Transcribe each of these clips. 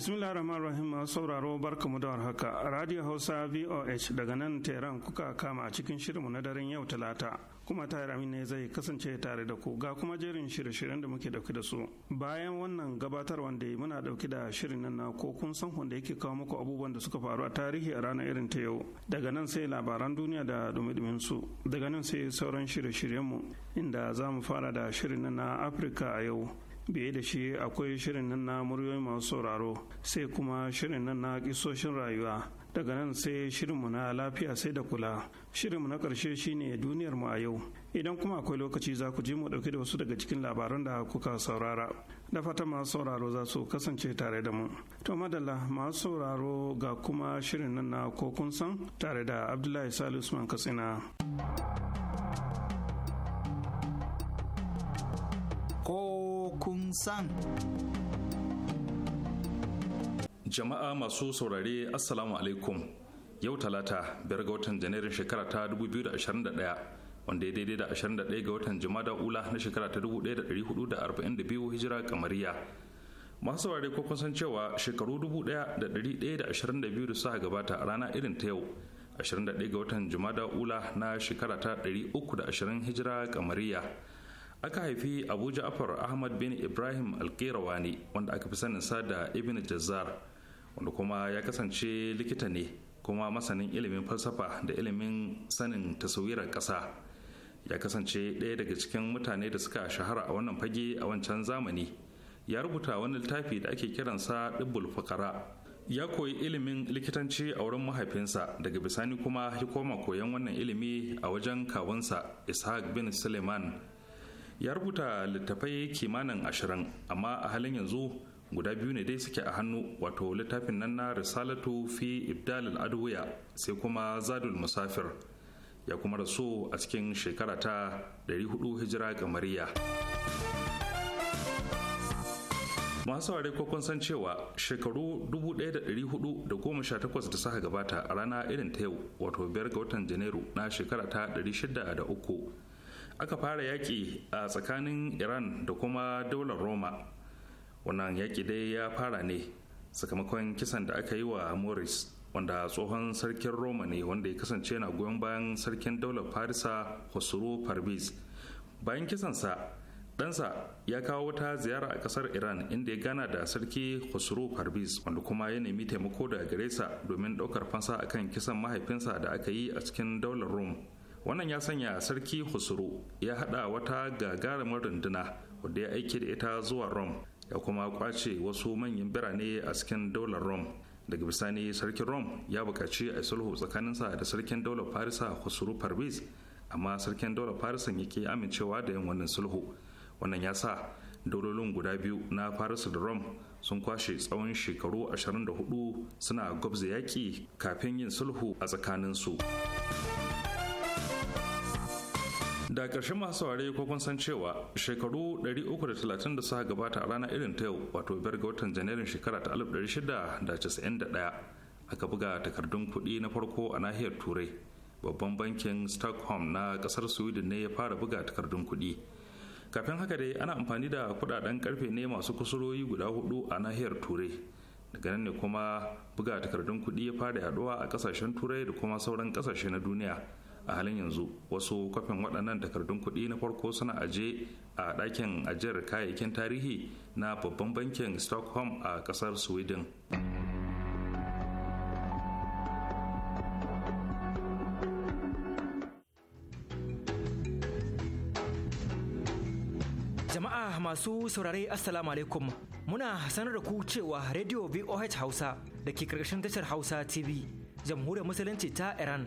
bismillah rahman rahim sauraro mu da haka radio hausa voh daga nan tehran kuka kama a cikin shirinmu na daren yau talata kuma ta amin ne zai kasance tare da ku ga kuma jerin shirye-shiryen da muke dauke da su bayan wannan gabatar wanda muna dauke da shirin nan na ko kun san wanda yake kawo muku abubuwan da suka faru a tarihi a ranar irin ta yau daga nan sai labaran duniya da dumi su daga nan sai sauran shirye-shiryenmu inda za mu fara da shirin nan na afirka a yau biye da shi akwai shirin nan na muryoyi masu sauraro sai kuma shirin nan na kisoshin rayuwa daga nan sai shirinmu na lafiya sai da kula shirinmu na karshe shine duniyar mu a yau idan kuma akwai lokaci za ku ji mu ɗauke da wasu daga cikin labaran da kuka saurara da fata masu sauraro za su kasance tare da mu to madalla masu sauraro ga kuma shirin nan na ko kun san tare da abdullahi salisu usman katsina kun san. Jama'a masu saurare Assalamu alaikum yau talata biyar ga watan janairun shekara ta 2021 wanda ya daidai da 21 ga watan jima'a ula na shekara ta 1442 hijira kamariya. Masu saurare ko kun san cewa shekaru 1122 da suka gabata a rana irin ta yau 21 ga watan jima'a ula na shekara ta 320 hijira kamariya. aka haifi abu ja'far ahmad bin ibrahim ne wanda aka fi sanin sa da ibn jazzar wanda kuma ya kasance likita ne kuma masanin ilimin falsafa da ilimin sanin taswirar ƙasa ya kasance ɗaya daga cikin mutane da suka shahara a wannan fage a wancan zamani ya rubuta wani littafi da ake kiransa ɗibbul fakara ya koyi ilimin likitanci a wurin mahaifinsa daga bisani kuma ya koma koyon wannan ilimi a wajen kawunsa ishaq bin suleiman ya rubuta littafai kimanin ashirin amma a halin yanzu guda biyu ne dai suke a hannu wato littafin nan na risalatu fi ibdalil adwiya sai kuma zadul musafir ya kuma rasu a cikin shekara ta 400 hijira kamariya masu ware ko kun san cewa shekaru 1418 da suka gabata a rana irin ta yau wato biyar ga watan janairu na shekara ta 603 aka fara yaƙi a tsakanin iran da kuma daular roma wannan yaƙi dai ya fara ne sakamakon kisan da aka yi wa morris wanda tsohon sarkin roma ne wanda ya kasance na goyon bayan sarkin daular farisa hosuro farbis bayan kisansa ɗansa ya kawo wata ziyara a ƙasar iran inda ya gana da sarki hosuro farbis wanda kuma ya nemi taimako da gare domin ɗaukar fansa akan kisan mahaifinsa da aka yi a cikin daular rome wannan ya sanya sarki husuru ya hada wata gagarumar runduna wadda ya aiki da ita zuwa rome ya kuma kwace wasu manyan birane a cikin daular rome daga bisani sarkin rome ya bukaci a sulhu tsakaninsa da sarkin daular farisa husuru parviz amma sarkin daular farisan yake amincewa da yin wannan sulhu wannan ya sa daulolin guda biyu na farisa da rome sun kwashe tsawon shekaru 24 suna gwabza yaƙi kafin yin sulhu a tsakaninsu. da ƙarshen masu saurare ko kun san cewa shekaru 330 da suka gabata a rana irin ta yau wato biyar ga watan janairun shekara ta 1691 aka buga takardun kuɗi na farko a nahiyar turai babban bankin stockholm na kasar sweden ne ya fara buga takardun kuɗi kafin haka dai ana amfani da kuɗaɗen karfe ne masu kusuroyi guda hudu a nahiyar turai daga nan ne kuma buga takardun kuɗi ya fara yaduwa a ƙasashen turai da kuma sauran ƙasashe na duniya a halin yanzu wasu kwafin waɗannan takardun kuɗi na farko suna aje a ɗakin ajiyar kayayyakin tarihi na babban bankin stockholm a ƙasar sweden jama'a masu saurare assalamu alaikum muna sanar da ku cewa radio voh hausa da ke tashar hausa tv jamhuriyar musulunci ta iran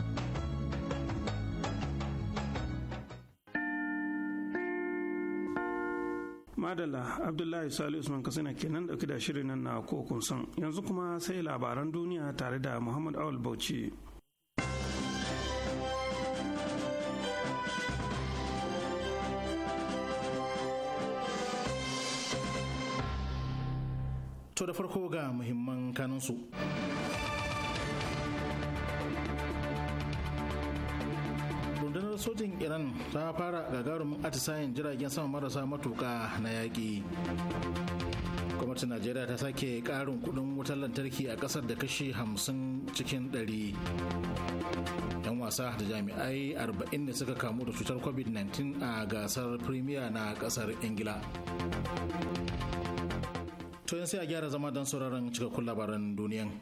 madalla abdullahi sali usman katsina kenan dauke da shirin nan na kokun san yanzu kuma sai labaran duniya tare da muhammad awal bauchi to da farko ga muhimman kanunsu. sojin iran ta fara gagarumin atisayen jiragen sama marasa matuka na yaƙi gwamnatin najeriya ta sake ƙarin kudin wutar lantarki a ƙasar da kashi 50 cikin 100 yan wasa da jami'ai 40 da suka kamu da cutar covid-19 a gasar premier na ƙasar ingila to sai a gyara zama don sauraron cikakkun labaran duniyan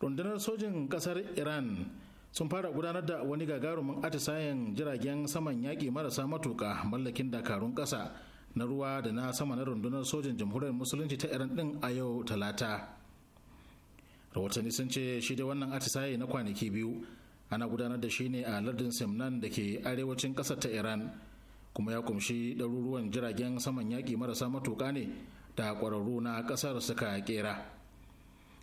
rundunar sojin ƙasar iran sun fara gudanar da wani gagarumin atisayen jiragen saman yaƙi marasa matuƙa mallakin dakarun ƙasa na ruwa da na sama na rundunar sojan jamhuriyar musulunci ta iran ɗin a yau talata rahotanni sun ce shi da wannan atisaye na kwanaki biyu ana gudanar da shi ne a lardin simnan da ke arewacin ƙasar ta iran kuma ya kumshi ɗaruruwan jiragen saman yaƙi marasa matuka ne da ƙwararru na ƙasar suka ƙera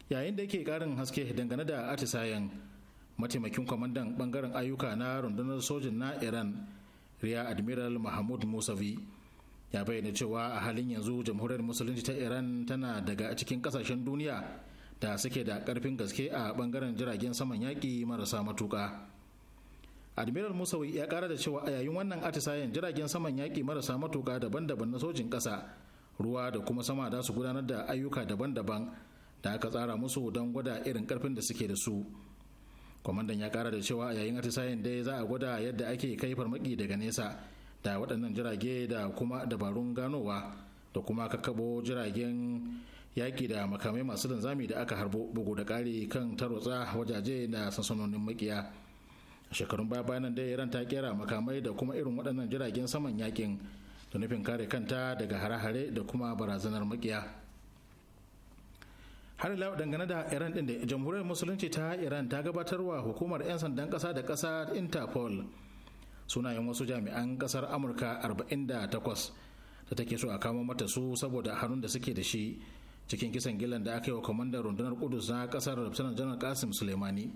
yayin da yake ƙarin haske dangane da atisayen mataimakin kwamandan bangaren ayyuka na rundunar sojin na iran riya admiral mahmud musavi ya bayyana cewa a halin yanzu jamhuriyar musulunci ta iran tana daga cikin kasashen duniya da suke da karfin gaske a bangaren jiragen saman yaƙi marasa matuƙa admiral musawi ya ƙara da cewa a yayin wannan atisayen jiragen saman yaƙi marasa matuƙa daban-daban na sojin ƙasa ruwa da kuma sama da su gudanar da ayyuka daban-daban da aka tsara musu don gwada irin karfin da suke da su. kwamandan ya kara da cewa a yayin atisayen dai za a gwada yadda ake kai farmaki daga nesa da waɗannan jirage da kuma dabarun ganowa da kuma kakkabo jiragen yaƙi da makamai masu linzami da aka harbo bugu da ƙari kan tarotsa wajaje da sansanonin makiya shekarun baya bayanan dai iran ta kera makamai da kuma irin waɗannan jiragen saman yaƙin da nufin kare kanta daga hare-hare da kuma barazanar makiya har ila dangane da iran din da jamhuriyar musulunci ta iran ta gabatar wa hukumar 'yan sandan kasa da kasa interpol sunayen wasu jami'an kasar amurka 48 da take so a kama mata su saboda hannun da suke da shi cikin kisan gilan da aka yi wa kwamandan rundunar kudus na kasar lieutenant general kasim suleimani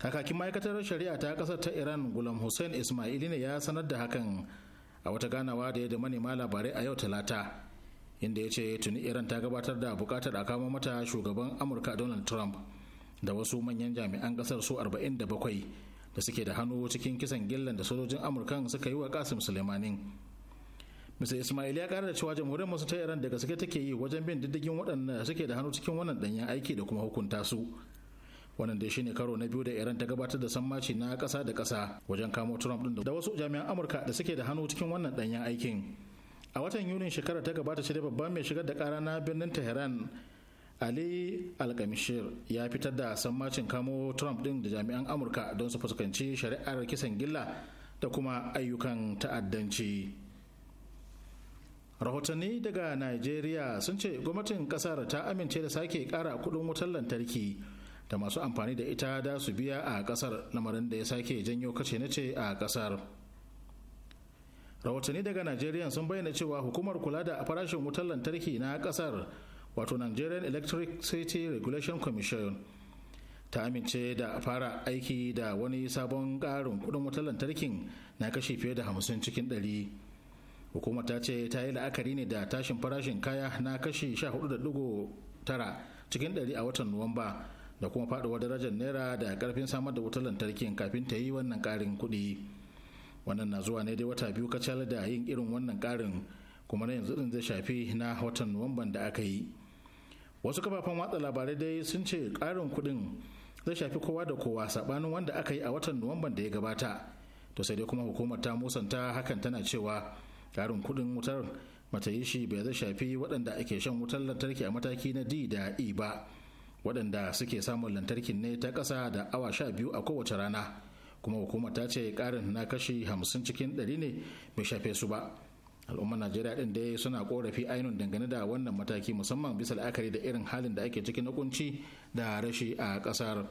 kakakin ma'aikatar shari'a ta kasar ta iran gulam hussein ismaili ne ya sanar da hakan a wata ganawa da ya da manema labarai a yau talata inda ya ce tuni iran ta gabatar da bukatar a kama mata shugaban amurka donald trump da wasu manyan jami'an kasar su 47 da suke da hannu cikin kisan gillan da sojojin amurkan suka yi wa kasim sulemani mr ismail ya kara da cewa jamhuriyar masu ta iran daga suke take yi wajen bin diddigin waɗanda suke da hannu cikin wannan danyen aiki da kuma hukunta su wannan dai shine karo na biyu da iran ta gabatar da sammaci na ƙasa da kasa wajen kamo trump ɗin da wasu jami'an amurka da suke da hannu cikin wannan danyen aikin a watan yunin shekarar ta gabata ce babban mai shigar da kara na birnin tehran ali alkamishir ya fitar da sammacin kamo trump din da jami'an amurka don su fuskanci shari'ar kisan gilla da kuma ayyukan ta'addanci rahotanni daga nigeria sun ce gwamnatin kasar ta amince da sake kara kudin wutar lantarki da masu amfani da ita da su biya a kasar lamarin da ya sake janyo kace na ce a kasar. rahotanni daga najeriya sun bayyana cewa hukumar kula da farashin wutar lantarki na kasar wato nigerian electricity regulation commission ta amince da fara aiki da wani sabon karin kudin wutar lantarkin na kashi fiye da hamsin cikin dari. hukumar ta ce ta yi la'akari ne da tashin farashin kaya na kashi 14.9 cikin ɗari a watan nuwamba da kuma faduwar darajar naira da karfin samar da wutar lantarkin kafin ta yi wannan karin kuɗi. wannan na zuwa ne dai wata biyu kacal da yin irin wannan karin kuma na yanzu din zai shafi na watan nuwamban da aka yi wasu kafafen watsa labarai dai sun ce karin kuɗin zai shafi kowa da kowa saɓanin wanda aka yi a watan nuwamban da ya gabata to sai dai kuma hukumar ta musanta hakan tana cewa karin kuɗin wutar mata yi shi bai zai shafi waɗanda ake shan wutar lantarki a mataki na d da e ba waɗanda suke samun lantarkin ne ta ƙasa da awa sha biyu a kowace rana kuma hukumar ta ce karin na kashi hamsin cikin ɗari ne bai shafe su ba al'ummar najeriya din dai suna korafi ainihin dangane da wannan mataki musamman bisa la'akari da irin halin da ake cikin na kunci da rashi a kasar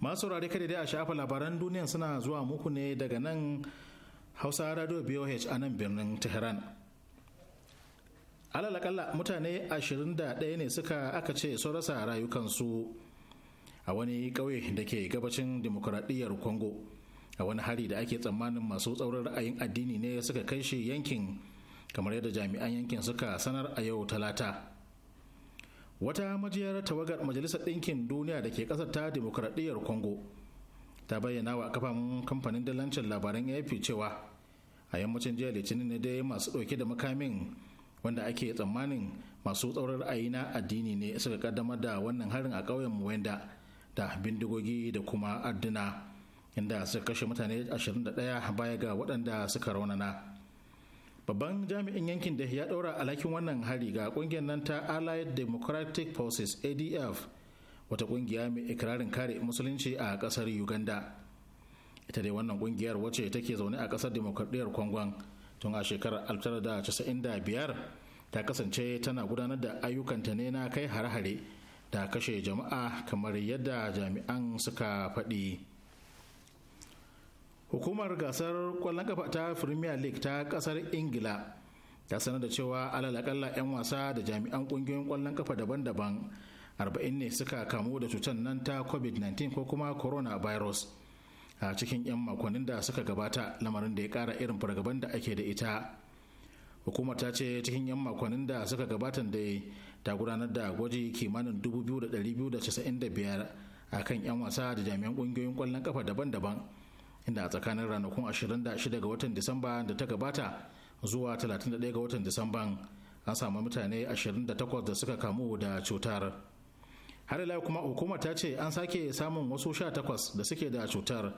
masu rari kada dai a shafa labaran duniya suna zuwa muku ne daga nan hausa radio boh a nan birnin tehran alalakalla mutane 21 ne suka aka ce sun rasa rayukansu a wani ƙauye da ke gabacin demokuraɗiyyar congo a wani hari da ake tsammanin masu tsaurin ra'ayin addini ne suka kai shi yankin kamar yadda jami'an yankin suka sanar a yau talata wata majiyar tawagar majalisar ɗinkin duniya da ke ƙasar ta demokuraɗiyyar congo ta bayyana wa kafan kamfanin dalancin labaran afp cewa a yammacin jiya litinin ne dai masu ɗauke da makamin wanda ake tsammanin masu tsaurin ra'ayi na addini ne suka kaddamar da wannan harin a ƙauyen muwenda da bindigogi da kuma adduna inda suka kashe mutane 21 baya ga waɗanda suka raunana babban jami'in yankin da ya ɗaura alhakin wannan hari ga ƙungiyar nan ta allied democratic forces adf wata ƙungiya mai ikirarin kare musulunci a ƙasar uganda ita dai wannan ƙungiyar wacce take zaune a ƙasar demokradiyyar kwangon tun a shekarar 1995 ta kasance tana gudanar da ayyukanta ne na kai hare-hare da kashe jama'a kamar yadda jami'an suka faɗi hukumar gasar ƙwallon kafa ta premier league ta ƙasar ingila ta sanar da cewa alalakalla 'yan wasa da jami'an ƙungiyoyin kwallon kafa daban-daban 40 ne suka kamu da cutar nan ta covid-19 ko kuma coronavirus a cikin 'yan makonnin da suka gabata lamarin da ya kara irin fargaban da ake da ita hukumar ta ce cikin 'yan makonnin da suka gabatan da ta gudanar da gwaji kimanin 2,295 a kan 'yan wasa da jami'an ƙungiyoyin ƙwallon ƙafa daban-daban inda a tsakanin ranakun 26 ga watan disamba da ta gabata zuwa 31 ga watan disamba an samu mutane 28 da suka kamu da cutar har ila kuma hukumar ta ce an sake samun wasu 18 da suke da cutar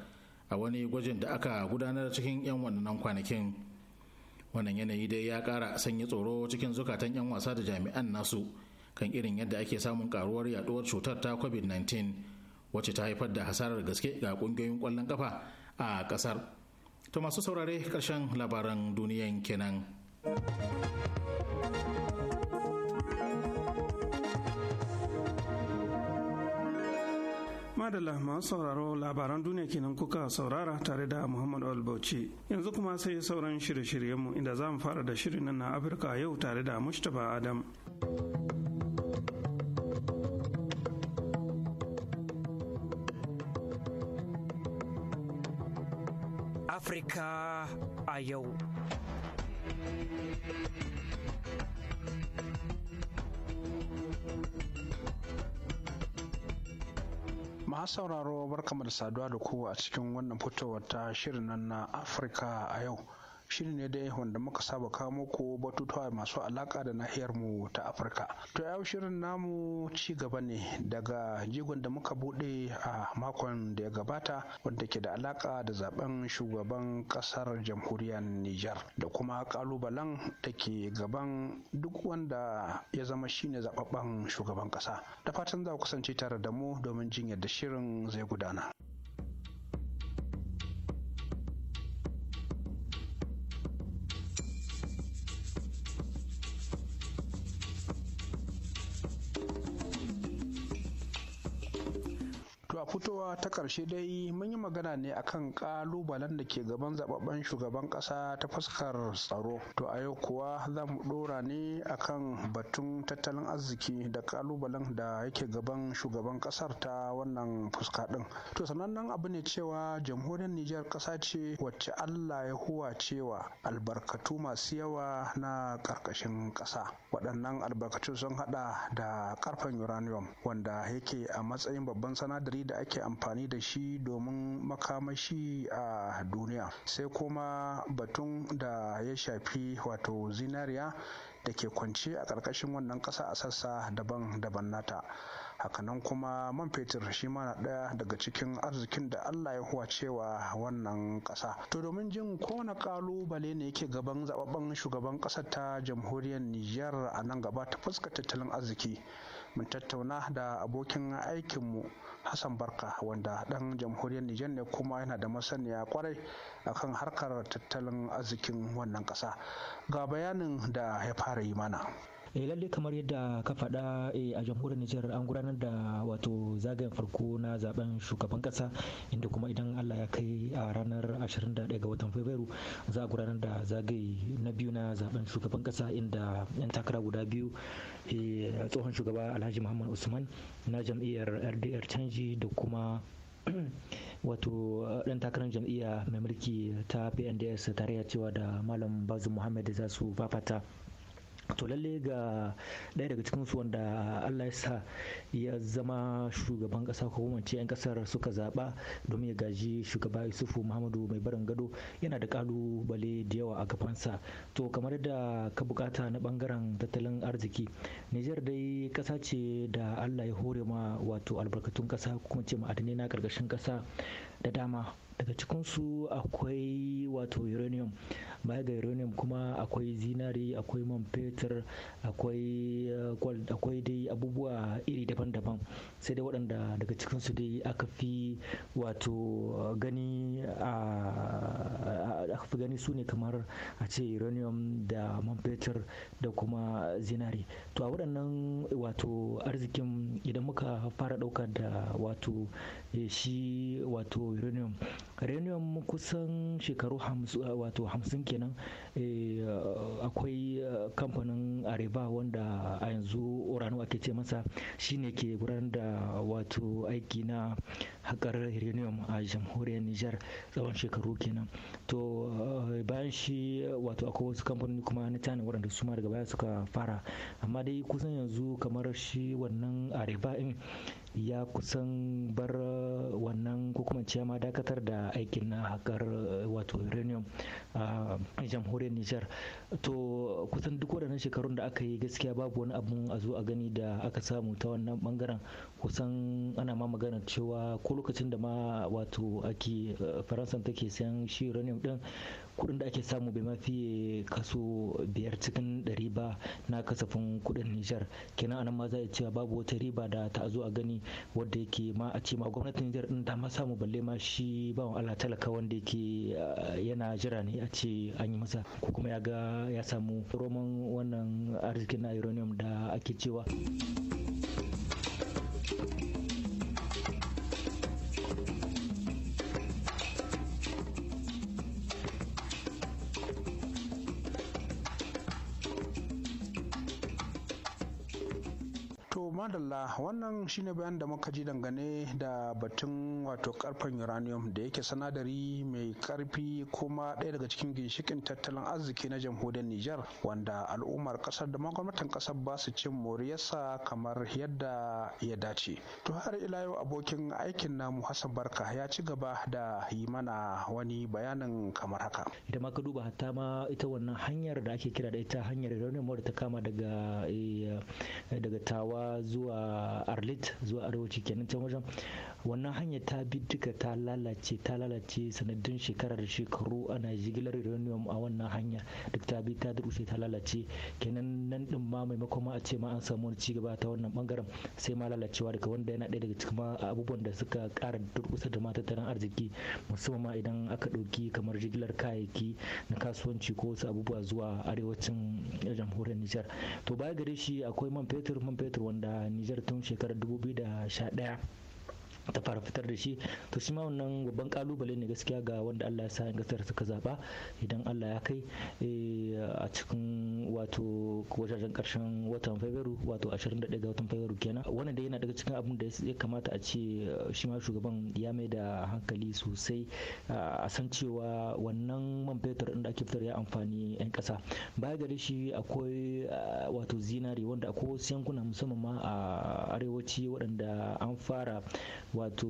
a wani gwajin da aka gudanar cikin 'yan wannan kwanakin. wannan yanayi dai ya kara sanya tsoro cikin zukatan 'yan wasa da jami'an nasu kan irin yadda ake samun karuwar yaduwar cutar ta covid-19 wacce ta haifar da hasarar gaske ga kungiyoyin kwallon kafa a kasar to masu saurare karshen labaran duniyan kenan madalla masu sauraro labaran duniya kenan kuka saurara tare da Muhammad bauchi Yanzu kuma sai sauran shirye-shiryenmu inda za mu fara da shirin nan na Afirka yau tare da Mustapha Adam. Afirka a yau. ma sauraro barkamu da saduwa da ku a cikin wannan fitowar ta shirin nan na afirka a yau shine ne dai wanda muka saba kawo muku batutuwa masu alaka da nahiyar mu ta afirka to yau shirin namu ci gaba ne daga jigon da muka bude a makon da ya gabata wanda ke da alaka da zaben shugaban kasar jamhuriyar Nijar, da kuma kalubalen da ke gaban duk wanda ya zama shine zababben shugaban kasa da fatan za ku kasance tare da mu domin jin yadda shirin zai gudana ta ƙarshe dai mun yi magana ne akan ƙalubalen da ke gaban zababben shugaban ƙasa ta fuskar tsaro to a yau kuwa za mu ɗora ne akan batun tattalin arziki da ƙalubalen da yake gaban shugaban ƙasar ta wannan fuska ɗin to sanannen abu ne cewa jamhuriyar nijar ƙasa ce wacce allah ya huwa cewa albarkatu masu yawa na ƙarƙashin ƙasa waɗannan albarkatu sun haɗa da ƙarfen uranium wanda yake a matsayin babban sanadari da ake amfani amfani da shi domin makamashi a duniya sai kuma batun da ya shafi wato zinariya da ke kwance a ƙarƙashin wannan ƙasa a sassa daban-daban nata hakanan kuma man fetur shi ma na ɗaya daga cikin arzikin da allah ya huwa cewa wannan ƙasa to domin jin kowane ƙalubale ne yake gaban zaɓaɓɓen shugaban ƙasar ta jamhuriyar niger a nan gaba ta fuska tattalin arziki Mun tattauna da abokin aikinmu hassan barka wanda ɗan jamhuriyar nijar ne kuma yana da masaniya kwarai akan harkar tattalin arzikin wannan ƙasa ga bayanin da ya fara yi mana eh lalle kamar yadda ka faɗa eh, a jamhuriyar Nijar an gudanar da wato zagayen farko na zaben shugaban kasa inda kuma idan Allah ya kai a ranar 21 ga watan Fabrairu za a gudanar da zagaye na biyu na zaben shugaban kasa inda yan takara guda biyu eh, tsohon shugaba Alhaji Muhammad Usman na jam'iyyar RDR canji da kuma wato dan eh, takarar jam'iyya mai mulki ta PNDS tare cewa da Malam Bazu Muhammad za su fafata to lalle ga ɗaya daga cikinsu wanda allah ya sa ya zama shugaban ƙasa ko kuma ce 'yan ƙasar suka zaɓa domin ya gaji shugaba yusufu muhammadu mai barin gado yana da ƙalubale da yawa a gabansa to kamar da ka bukata na bangaren tattalin arziki nijar dai ƙasa ce da allah ya hore ma wato albarkatun ƙasa kuma ce ma'adanai na ƙarƙashin ƙasa da dama daga cikinsu akwai wato uranium baya ga uranium kuma akwai zinari akwai man fetur akwai eh, gold akwai dai abubuwa iri daban-daban sai dai waɗanda daga cikinsu dai aka fi wato eh, gani a fi gani su ne kamar a ce uranium da man fetur da kuma zinari to a waɗannan wato arzikin idan muka fara ɗauka da wato eh, shi wato uranium uranium kusan shekaru ah, wato hamsin kenan eh, akwai ah, kamfanin areba wanda a yanzu uranium ake ce masa shine ke gudanar da wato aiki na haƙar uranium a jamhuriyar niger tsawon shekaru kenan to ah, bayan shi wato akwai wasu kamfanoni kuma na china waɗanda su ma daga baya suka fara amma dai kusan yanzu kamar shi wannan areba in ya kusan bar wannan ko kuma ce ma dakatar da aikin na hakar eh, wato uranium a jamhuriyar Nijar to kusan duk waɗannan shekarun da aka yi gaskiya babu wani abun a zo a gani da aka samu ta wannan bangaren kusan ana ma magana cewa ko lokacin da ma wato ake eh, faransa take sayan shi uranium din kuɗin da ake samu bai mafi kaso biyar cikin ɗari ba na kasafin kuɗin Nijar kenan anan ma za a cewa babu wata riba da ta zo a gani wadda yake ma a ce ma gwamnatin Nijar din ta ma samu balle ma shi bawan Allah talaka wanda yake eh, yana jira ne a ce an yi masa ko kuma ya ga ya samu roman wannan arzikin na uranium da ake cewa. alhamdulillah wannan shine bayan da muka ji dangane da batun wato karfen uranium da yake sanadari mai karfi kuma ɗaya daga cikin ginshikin tattalin arziki na jamhuriyar niger wanda al'ummar kasar da magwamnatin kasar ba su cin moriyarsa kamar yadda ya dace. To har ila yau abokin aikin namu Hassan Barka ya ci gaba da yi mana wani bayanin kamar haka. idan ma ka duba hatta ma ita wannan hanyar da ake kira da ita hanyar uranium wadda ta kama daga eh, daga tawa zuwa zuwa arlit zuwa arewaci kenan can wajen wannan hanyar ta bi duka ta lalace ta lalace sanadin shekarar shekaru ana jigilar uranium a wannan hanya duk ta bi ta durushe ta lalace kenan nan din ma maimakon ma a ce ma an samu wani cigaba ta wannan bangaren sai ma lalacewa daga wanda yana ɗaya daga cikin abubuwan da suka ƙara durkusa da tattalin arziki musamman ma idan aka ɗauki kamar jigilar kayayyaki na kasuwanci ko wasu abubuwa zuwa arewacin jamhuriyar Nijar to baya gare shi akwai man fetur man fetur wanda Nijar tun shekarar 2011 ta fara fitar da shi to shi ma wannan babban kalubale ne gaskiya ga wanda Allah ya sa in gasar suka zaba idan Allah ya kai eh, a cikin wato wajajen karshen watan Fabrairu wato 21 ga watan Fabrairu kenan wannan da yana daga cikin abin da ya kamata a ce eh, shi ma shugaban ya mai da hankali sosai eh, a san cewa wannan man fetur da ake fitar ya amfani 'yan kasa baya gare shi akwai wato zinari wanda akwai wasu yankuna musamman ma a arewaci waɗanda an fara wato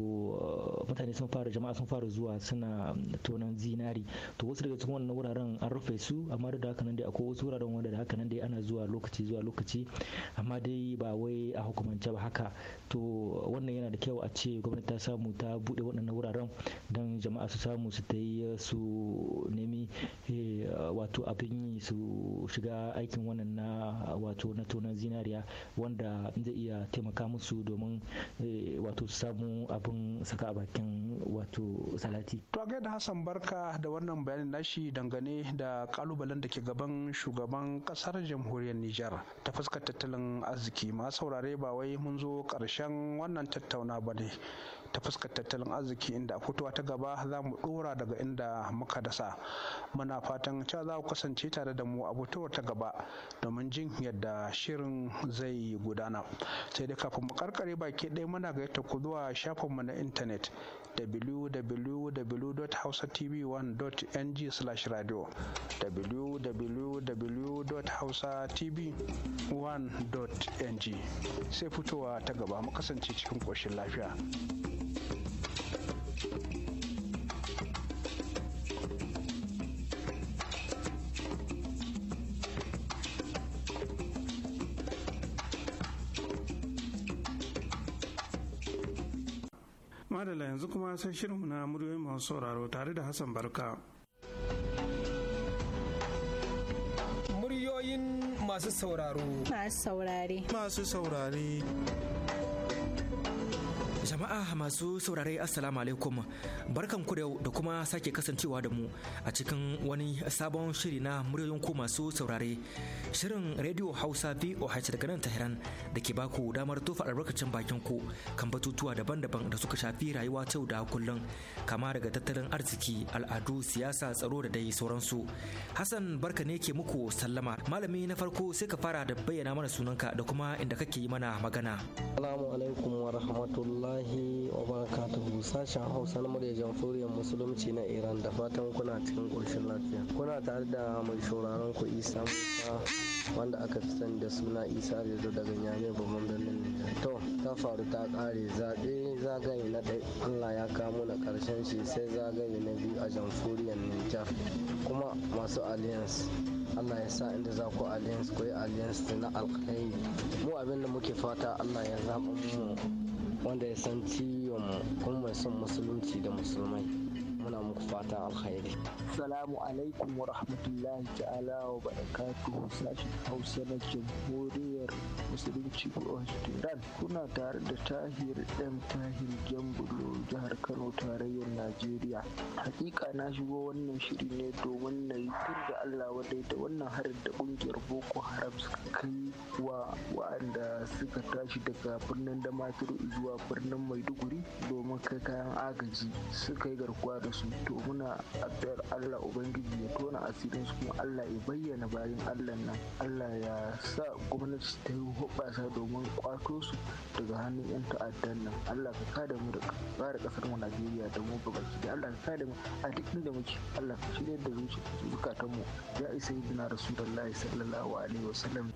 eh, mutane sun fara jama'a sun fara zuwa suna tonan zinari to wasu daga cikin wannan wuraren an rufe su amma da haka nan dai akwai wasu wuraren wanda da haka nan dai ana zuwa lokaci zuwa lokaci amma dai ba wai a hukumance ba haka to wannan yana da kyau a ce gwamnati ta samu ta bude waɗannan wuraren don jama'a su samu su ta yi su nemi eh, wato abin yi su shiga aikin wannan na wato na tonan zinariya wanda zai iya taimaka musu domin eh, wato su samu abun abin saka a bakin wato salati. To ga da Hassan Barka da wannan bayanin nashi dangane da kalubalen da ke gaban shugaban kasar jamhuriyar Nijar ta fuskar tattalin arziki ma saurare ba wai mun zo karshen wannan tattauna ba ne. ta fuskar tattalin arziki inda a fitowa ta gaba za mu ɗora daga inda muka dasa muna fatan cewa za ku kasance tare da mu a fitowar ta gaba domin jin yadda shirin zai gudana sai dai kafin mu karkare baki ɗaya muna gayyata ku zuwa mu na intanet www.hausatv1.ng/radio www.hausatv1.ng sai fitowa ta gaba mu kasance cikin ƙoshin lafiya. madala yanzu kuma sai shirinmu na muryoyin masu sauraro tare da hassan barka muryoyin masu sauraro masu saurare masu saurare Jama'a masu saurare Assalamu alaikum barkan ku da kuma sake kasancewa da mu a cikin wani sabon shiri na muryoyin ku masu saurare shirin Radio Hausa VOH daga nan Tahiran, da ke baku damar tofa albarkacin bakin ku kan batutuwa daban-daban da suka shafi rayuwa ta da kullum kama daga tattalin arziki al'adu siyasa tsaro da dai sauransu. Hassan barka ne ke muku sallama malami na farko sai ka fara da bayyana mana sunanka da kuma inda kake yi mana magana. Assalamu rahmatullahi wa barakatuhu sashen hausa na murya furiyar musulunci na iran da fatan kuna cikin ƙoshin lafiya kuna tare da mai shauraron ku isa musa wanda aka fi sani da suna isa rezo daga nyame babban birnin nijar to ta faru ta ƙare zaɓe zagaye na ɗai allah ya kamo na ƙarshen shi sai zagaye na biyu a jamfuriyar nijar kuma masu alliance Allah ya sa inda za ku alliance ku yi alliance na alkhairi mu abin da muke fata Allah ya zaɓa mu wanda ya sa san ciwon kuma son musulunci da musulmai muna muku fatan alkhairi salamu alaikum wa rahmatullahi ta'ala wa barakatuhu sashen hausa na jamhuriyar musulunci ko iran kuna tare da tahir ɗan tahir jambulo jihar kano tarayyar najeriya hakika na shigo wannan shiri ne domin na yi tun da allah wadai da wannan harin da kungiyar boko haram suka kai wa wa'anda suka tashi daga birnin damaturu zuwa birnin maiduguri domin kai kayan agaji suka yi garkuwa da su to muna addu'ar Allah Ubangiji ya tona asirin su kuma Allah ya bayyana bayan Allah nan Allah ya sa gwamnati ta yi hoɓasa domin kwato su daga hannun 'yan ta'addan nan Allah ka kada mu da kare kasar mu Najeriya da mu baki da Allah ka kada mu a duk inda muke Allah ka shirya da zukatan mu ya isa yi Rasulullahi sallallahu alaihi wasallam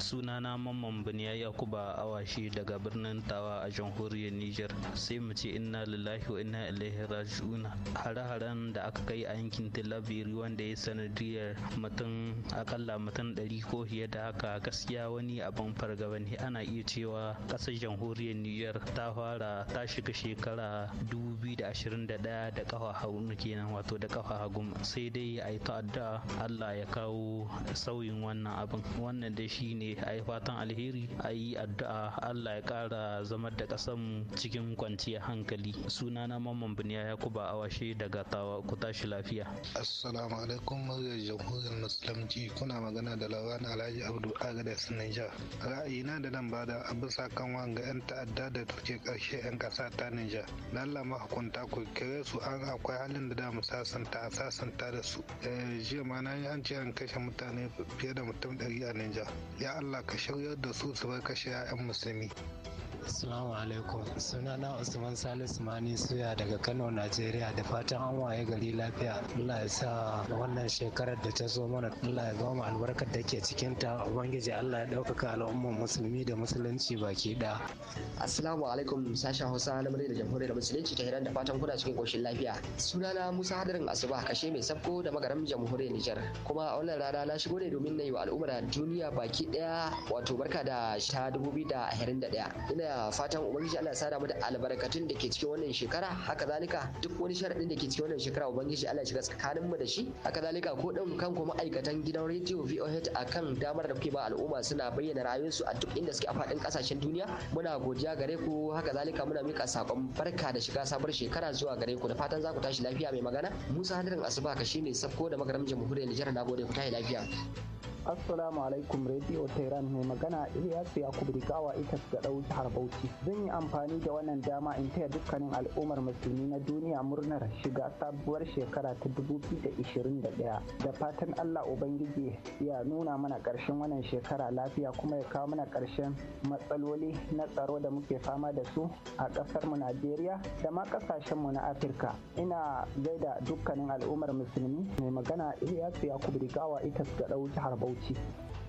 sunana mamman biniya yakuba awashi daga birnin tawa a jamhuriyar niger sai mu ce inna lillahi wa inna ilaihi raji'una hare-haren da aka kai a yankin tilabiri wanda ya sanadiyar mutum akalla mutum ɗari ko fiye da haka gaskiya wani abin fargaba ne ana iya cewa ƙasar jamhuriyar niger ta fara ta shiga shekara 2021 da kafa haunu kenan wato da kafa hagu sai dai a yi ta'adda allah ya kawo sauyin wannan abin wannan da shi ne a yi fatan alheri a yi addu'a allah ya ƙara zama da ƙasar cikin kwanciyar hankali sunana mamman biniya yakuba awa malumfashi daga tawa ku tashi lafiya assalamu alaikum muryar jamhuriyar musulunci kuna magana da lawan alhaji abdu Nijar? niger ra'ayina da nan bada a bisa kan wanga yan ta'adda da tuke karshe yan kasa ta Nijar. na allah hukunta ku kire su an akwai halin da za mu sasanta a sasanta da su eh, jiya ma na yi an ce an kashe mutane fiye da mutum ɗari a Nijar. ya allah ka shiryar da su su bar kashe 'ya'yan musulmi Assalamu alaikum. na Usman Salisu Mani Suya daga Kano, Najeriya da fatan an waye gari lafiya. Allah ya sa wannan shekarar da ta zo mana Allah ya gama albarkar da ke cikin ta. Ubangiji Allah ya daukaka al'ummar musulmi da musulunci baki ɗaya. Assalamu alaikum sashen Hausa na da Jamhuriyar Musulunci ta da fatan kuna cikin koshin lafiya. na Musa Hadarin Asuba kashe mai sabko da magaram Jamhuriyar Nijar. Kuma a wannan rana na shigo ne domin na yi wa al'ummar duniya baki ɗaya wato barka da sha dubu biyu da da ɗaya. Ina da fatan ubangiji Allah ya sada mu da albarkatun da ke cikin wannan shekara haka zalika duk wani sharadin da ke cikin wannan shekara ubangiji Allah ya shiga tsakanin mu da shi haka zalika ko din kanku ma'aikatan gidan rediyo VOH akan damar da kuke ba al'umma suna bayyana su a duk inda suke a faɗin ƙasashen duniya muna godiya gare ku haka zalika muna mika sakon barka da shiga sabuwar shekara zuwa gare ku da fatan za ku tashi lafiya mai magana Musa Hadirin Asuba ka shine sabko da magaram jamhuriyar Nijar na ku tashi lafiya. assalamu alaikum radio tehran mai magana ilyasu yakubu gawa ita ga ɗau bauchi zan yi amfani da wannan dama in taya dukkanin al'ummar musulmi na duniya murnar shiga sabuwar shekara ta 2021 da fatan allah ubangiji ya nuna mana karshen wannan shekara lafiya kuma ya kawo mana karshen matsaloli na tsaro da muke fama da su a ƙasar mu najeriya da ma ƙasashen mu na afirka ina gaida dukkanin al'ummar musulmi mai magana ilyasu yakubu gawa ita ga ɗau jihar bauchi 谢谢。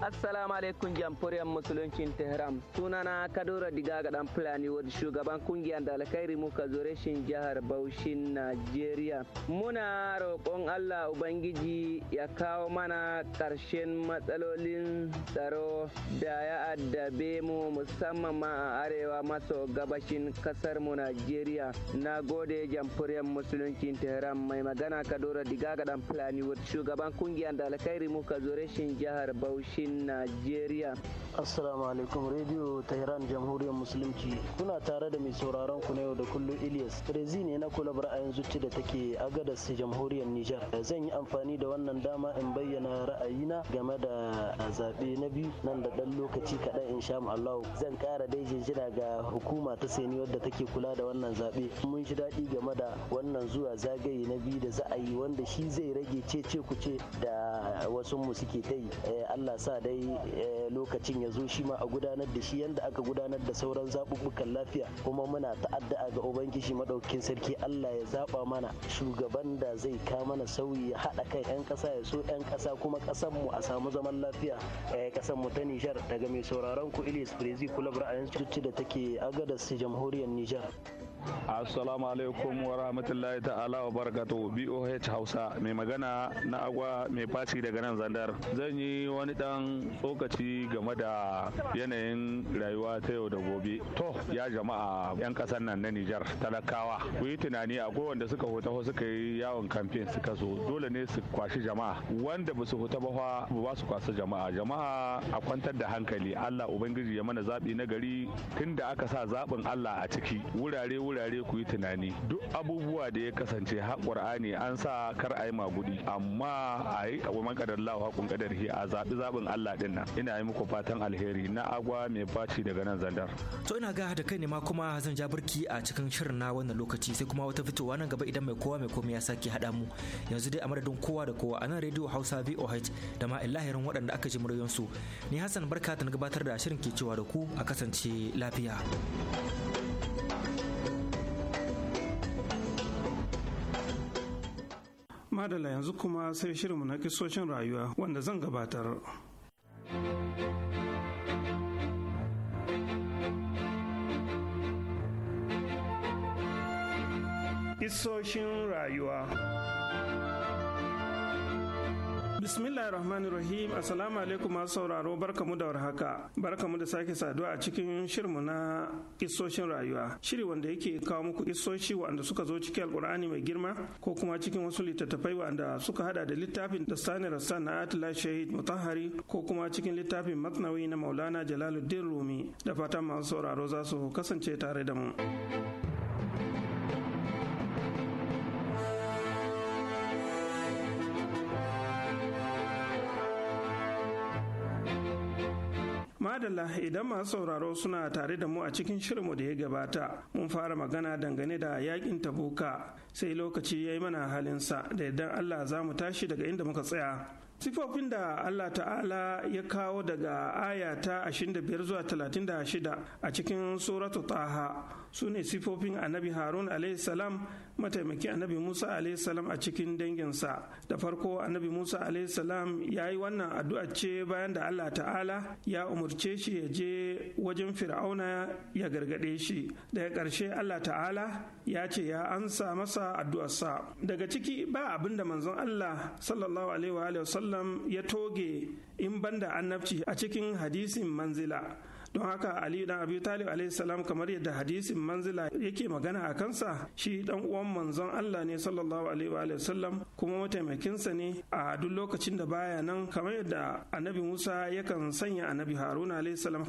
Assalamu alaikum jamhuriyar musuluncin Tehran. Sunana Kadura Diga ga dan Fulani wadda shugaban kungiyar dalakai muka zure jihar Bauchi Najeriya. Muna roƙon Allah Ubangiji ya kawo mana ƙarshen matsalolin tsaro da ya addabe mu musamman ma a arewa maso gabashin kasar mu Najeriya. Na gode jamhuriyar musuluncin Tehran mai magana Kadura Diga ga dan Fulani wadda shugaban kungiyar dalakai muka zure jihar Bauchi Najeriya. Assalamu alaikum Radio Tehran Jamhuriyar Musulunci. Kuna tare da mai sauraron ku na yau da kullum Ilyas. Rezi ne na kulabar ra'ayin zuci da take agadas Jamhuriyar Nijar. Zan yi amfani da wannan dama in bayyana ra'ayina game da zaɓe na biyu nan da ɗan lokaci kaɗan in sha Allah. Zan ƙara dai jinjina ga hukuma ta sani wadda take kula da wannan zaɓe. Mun ji daɗi game da wannan zuwa zagaye na biyu da za a yi wanda shi zai rage ce-ce ku ce da wasu mu suke ta yi. Eh, Allah sa dai eh, lokacin ya zo shi ma a gudanar da shi yadda aka gudanar da sauran zaɓuɓɓukan lafiya kuma muna ta'adda'a ga ubangiji maɗaukin sarki Allah ya zaɓa mana shugaban da zai ka mana sauyi ya haɗa kan 'yan ƙasa ya so 'yan ƙasa kuma ƙasan mu a samu zaman lafiya eh, ƙasan mu ta Nijar daga mai sauraron ku ilis Prezi Kulabra a yanzu da take agadas jamhuriyar Nijar. assalamu alaikum wa rahmatullahi ta'ala wa barakatu boh hausa mai magana na agwa mai faci daga nan zandar zan yi wani dan tsokaci game da yanayin rayuwa ta yau da gobe to ya jama'a yan kasan nan na nijar talakawa ku yi tunani akwai wanda suka hoto suka yi yawon kamfen suka so dole ne su kwashi jama'a wanda ba su hoto ba fa ba su kwasa jama'a jama'a a kwantar da hankali allah ubangiji ya mana zaɓi na gari tunda aka sa zabin allah a ciki wurare wurare ku yi tunani duk abubuwa da ya kasance haƙur'ani an sa kar a yi magudi amma a yi ƙawaman kadar lawa haƙun kadar a zaɓi zaɓin Allah ɗin nan ina yi muku fatan alheri na agwa mai baci daga nan zandar. To ina ga da kai ne ma kuma zan ja birki a cikin shirin na wannan lokaci sai kuma wata fitowa nan gaba idan mai kowa mai komai ya sake haɗa mu yanzu dai a madadin kowa da kowa a nan rediyo Hausa VOH da ma illahirin waɗanda aka ji su ni Hassan barka ta gabatar da shirin ke cewa da ku a kasance lafiya. madala yanzu kuma sai shirinmu na kisoshin rayuwa wanda zan gabatar. Kisoshin rayuwa. Bismillahi Rahmanir Rahim. Assalamu alaikum masu sauraro barkamu da warhaka. Barkamu da sake saduwa a cikin shirmu na isoshin rayuwa. Shiri wanda yake kawo muku isoshi wanda suka zo cikin Alkur'ani mai girma ko kuma cikin wasu littattafai wanda suka hada da littafin Dastani Rassan na Atila Shahid Mutahari ko kuma cikin littafin Matnawi na Maulana Jalaluddin Rumi. Da fatan masu sauraro za su kasance tare da mu. madalla idan masu sauraro suna tare da mu a cikin shirinmu da ya gabata mun fara magana dangane da yakin tabuka sai lokaci ya yi mana halinsa da idan allah za mu tashi daga inda muka tsaya sifofin da Allah ta'ala ya kawo daga aya ta 25 zuwa shida a cikin suratu taha su ne sifofin annabi harun salam mataimaki annabi musa salam a cikin danginsa da farko annabi musa salam ya yi wannan addu'a ce bayan da allah ta'ala ya umarce shi ya je wajen fir'auna ya gargade shi daga ƙarshe allah ta'ala ya ce ya ansa masa addu'arsa daga ciki ba abin da manzon allah sallallahu alaihi wa sallam ya toge in banda annabci a cikin hadisin manzila don haka aliyu dan abi talib alayhi salam kamar yadda hadisin manzila yake magana a kansa shi dan uwan manzon Allah ne sallallahu alaihi wa sallam kuma mataimakinsa ne a duk lokacin da baya nan kamar yadda annabi Musa yakan sanya annabi Haruna alaihi salam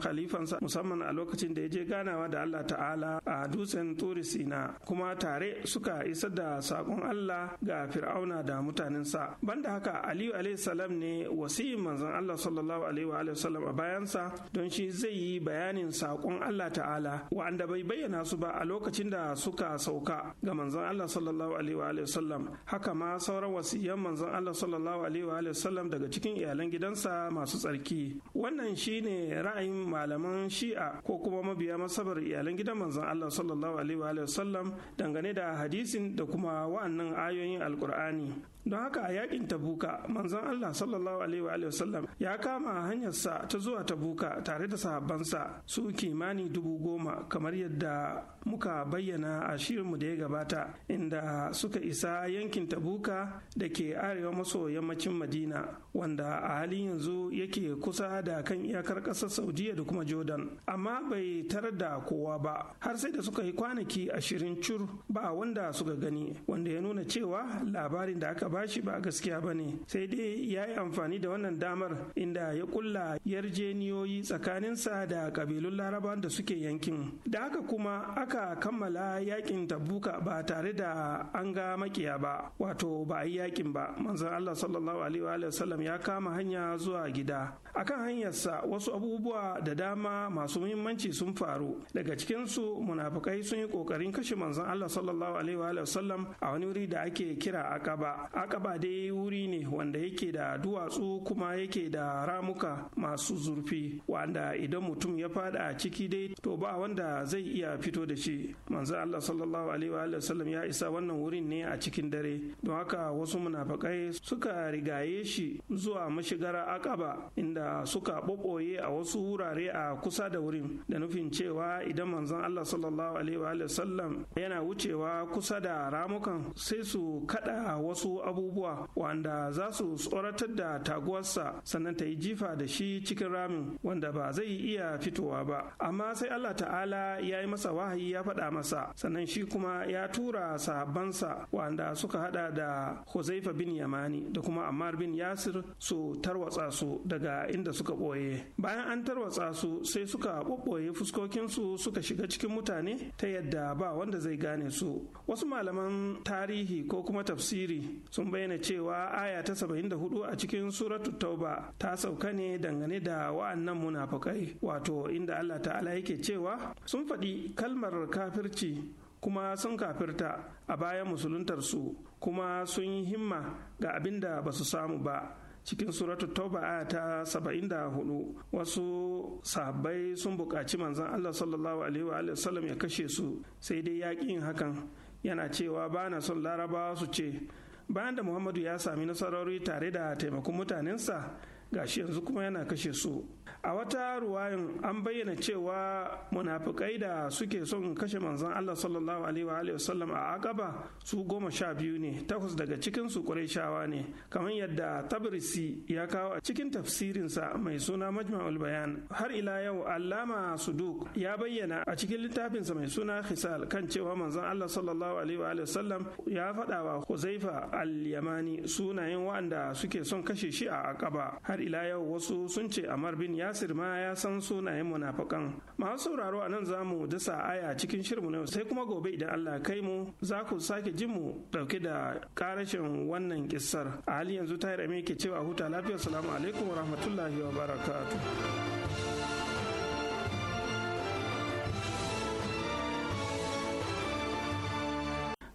sa musamman a lokacin da ya je ganawa da Allah ta'ala a dutsen Turi Sina kuma tare suka isa da sakon Allah ga Fir'auna da mutanen sa banda haka Aliyu alaihi salam ne wasiyin manzon Allah sallallahu alaihi wa sallam a bayansa don shi zai yi bayanin saƙon Allah ta'ala wa'anda bai bayyana su ba a lokacin da suka sauka ga manzon Allah sallallahu alaihi wa sallam haka ma sauran wasiyan manzon Allah sallallahu alaihi wa sallam daga cikin iyalan gidansa masu tsarki wannan shine ra'ayin malaman Shi'a ko kuma mabiya masabar iyalan gidan manzon Allah sallallahu alaihi wa sallam dangane da hadisin da kuma wa'annan ayoyin Alkur'ani don haka a yakin tabuka manzon Allah sallallahu alaihi wa sallam ya kama hanyarsa ta zuwa tabuka tare da sahabbansa su kimani dubu goma kamar yadda muka bayyana a shirinmu da ya gabata inda suka isa yankin tabuka da ke arewa maso yammacin madina wanda a halin yanzu yake kusa da kan iyakar ƙasar saudiya da kuma jordan amma bai tarar da kowa ba har sai da suka yi kwanaki ashirin cur ba wanda suka gani wanda ya nuna cewa labarin da aka ba shi ba gaskiya ba ne sai dai ya yi amfani da wannan damar inda ya kulla yarjeniyoyi tsakaninsa da kabilun larabawan da suke yankin da haka kuma aka kammala yakin tabuka ba tare da an ga makiya ba wato ba a yi yakin ba manzon allah sallallahu alaihi wa ya kama hanya zuwa gida akan hanyarsa wasu abubuwa da dama masu muhimmanci sun faru daga cikinsu munafukai sun yi kokarin kashe manzon allah sallallahu alaihi wa sallam a wani wuri da ake kira akaba akaba dai wuri ne wanda yake da duwatsu kuma yake da ramuka masu zurfi wanda idan mutum ya fada a ciki dai to ba wanda zai iya fito da shi manzo Allah sallallahu alaihi wa sallam ya isa wannan wurin ne a cikin dare don haka wasu munafakai suka rigaye shi zuwa mashigar akaba inda suka boboye a wasu wurare a kusa da wurin da nufin cewa idan manzon Allah sallallahu alaihi wa sallam yana wucewa kusa da ramukan sai su kada wasu abubuwa wanda za su tsoratar da taguwarsa sannan ta yi jifa da shi cikin ramin wanda ba zai iya fitowa ba amma sai Allah ta'ala ya yi masa wahayi ya faɗa masa sannan shi kuma ya tura sahabbansa wanda suka hada da Huzaifa bin Yamani da kuma Ammar bin Yasir su tarwatsa su daga inda suka ɓoye bayan an tarwatsa su sai suka ɓoɓɓoye fuskokinsu suka shiga cikin mutane ta yadda ba wanda zai gane su wasu malaman tarihi ko kuma tafsiri sun sun bayyana cewa aya ta 74 a cikin suratu tauba ta sauka ne dangane da wa'annan munafukai wato inda Allah ta'ala yake cewa sun faɗi kalmar kafirci kuma sun kafirta a bayan musuluntarsu kuma sun yi himma ga abin da ba su samu ba cikin suratu tauba aya ta 74 wasu sahabbai sun buƙaci manzon Allah sallallahu alaihi ya kashe su sai dai yaƙin hakan yana cewa ba na son larabawa su ce bayan da muhammadu ya sami nasarori tare da taimakon mutanensa ga shi yanzu kuma yana kashe su a wata ruwayan an bayyana cewa munafikai da suke son kashe manzon Allah sallallahu alaihi wasallam a akaba su goma sha biyu ne takwas daga cikin su Qurayshawa ne kamar yadda tabrisi ya kawo a cikin tafsirinsa mai suna majma'ul bayan har ila yau allama suduk ya bayyana a cikin littafinsa mai suna hisal kan cewa manzon Allah sallallahu alaihi wasallam ya faɗa wa Huzaifa al-Yamani sunayen waɗanda suke son kashe shi a akaba har ila yau wasu sun ce Amar bin yasir ma ya san sunayen munafukan masu sauraro a nan zamu dasa aya cikin shirmu na yau sai kuma gobe idan Allah kai mu za ku sake jin mu dauke da karashin wannan kissar a hali yanzu ta ame ke cewa huta lafiya salamu alaikum wa rahmatullahi wa barakatuh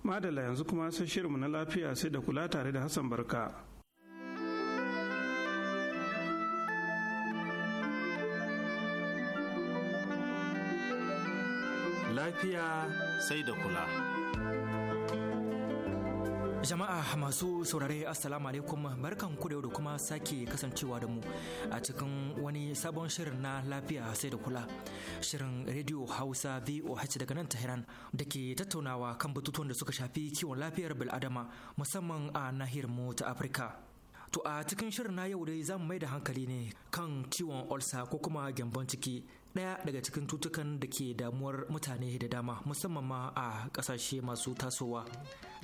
madala yanzu kuma sai shirinmu na lafiya sai da kula tare da hassan barka lafiya sai da kula. Jama'a masu saurare Assalamu alaikum barkan ku da yau da kuma sake kasancewa da mu a cikin wani sabon shirin na lafiya sai da kula. Shirin Radio Hausa VOH daga nan Tehran da ke tattaunawa kan batutuwan da suka shafi kiwon lafiyar bil'adama musamman a nahiyar mu ta Afirka. To a cikin shirin na yau dai za mu mai da hankali ne kan ciwon olsa ko kuma gyambon ciki ɗaya daga cikin cutukan da ke damuwar mutane da dama musamman ma a ƙasashe masu tasowa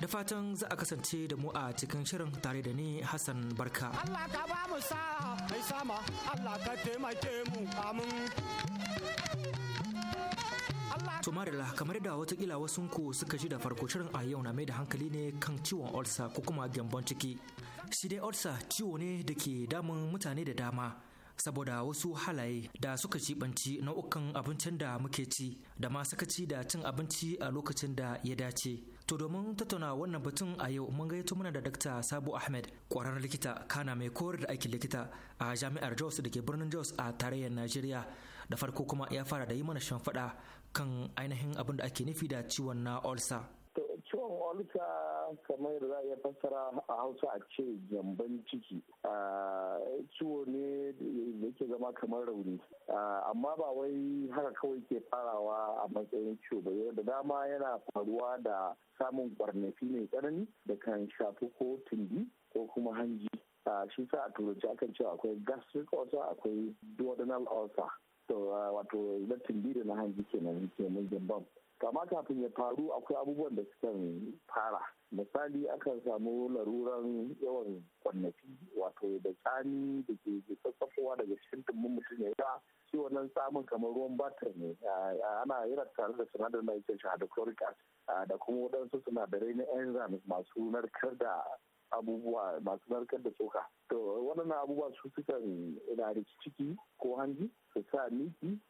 da fatan za a kasance da mu a cikin shirin tare da ni hassan barka allah ka ba mu sa mai sama allah ka taimake mu amin To kamar da watakila wasunku suka ji da farko shirin a yau na mai da hankali ne kan ciwon olsa ko kuma gyambon ciki. Shi dai olsa ciwo ne da ke damun mutane da dama saboda wasu halaye da suka cibanci nau'ukan abincin da muke ci da ma suka ci da cin abinci a lokacin da ya dace. To domin tattauna wannan batun a yau mun gaito mana da Dr. Sabu Ahmed, ƙwararren likita kana mai koyar da aikin likita a Jami'ar Jos da ke birnin Jos a tarayyar Najeriya. Da farko kuma ya fara da yi mana shan fada kan ainihin abin da ake nufi da ciwon na ulcer. ciwon olsa kamar da za a iya fassara a hausa a ce jamban ciki ciwo ne da ke zama kamar rauni amma ba wai haka kawai ke farawa a matsayin ciwo ba da dama yana faruwa da samun kwarnafi mai tsanani da kan shafi ko tundi ko kuma hanji shi sa a turanci akan cewa akwai gastric ulcer akwai duodenal ulcer to wato na tumbi da na hanji kenan mun jamban. kama kafin ya faru akwai abubuwan da sukan fara misali akan samu laruran yawan kwannafi wato da tsani da ke tsatsafowa daga cikin tumbin mutum ya yawa shi wannan samun kamar ruwan batir ne ana yana tare da sinadarin da yake shi hydrochloric acid da kuma waɗansu sinadarai na enzymes masu narkar da abubuwa masu narkar da tsoka to waɗannan abubuwa su sukan na ciki ko hanji su sa miki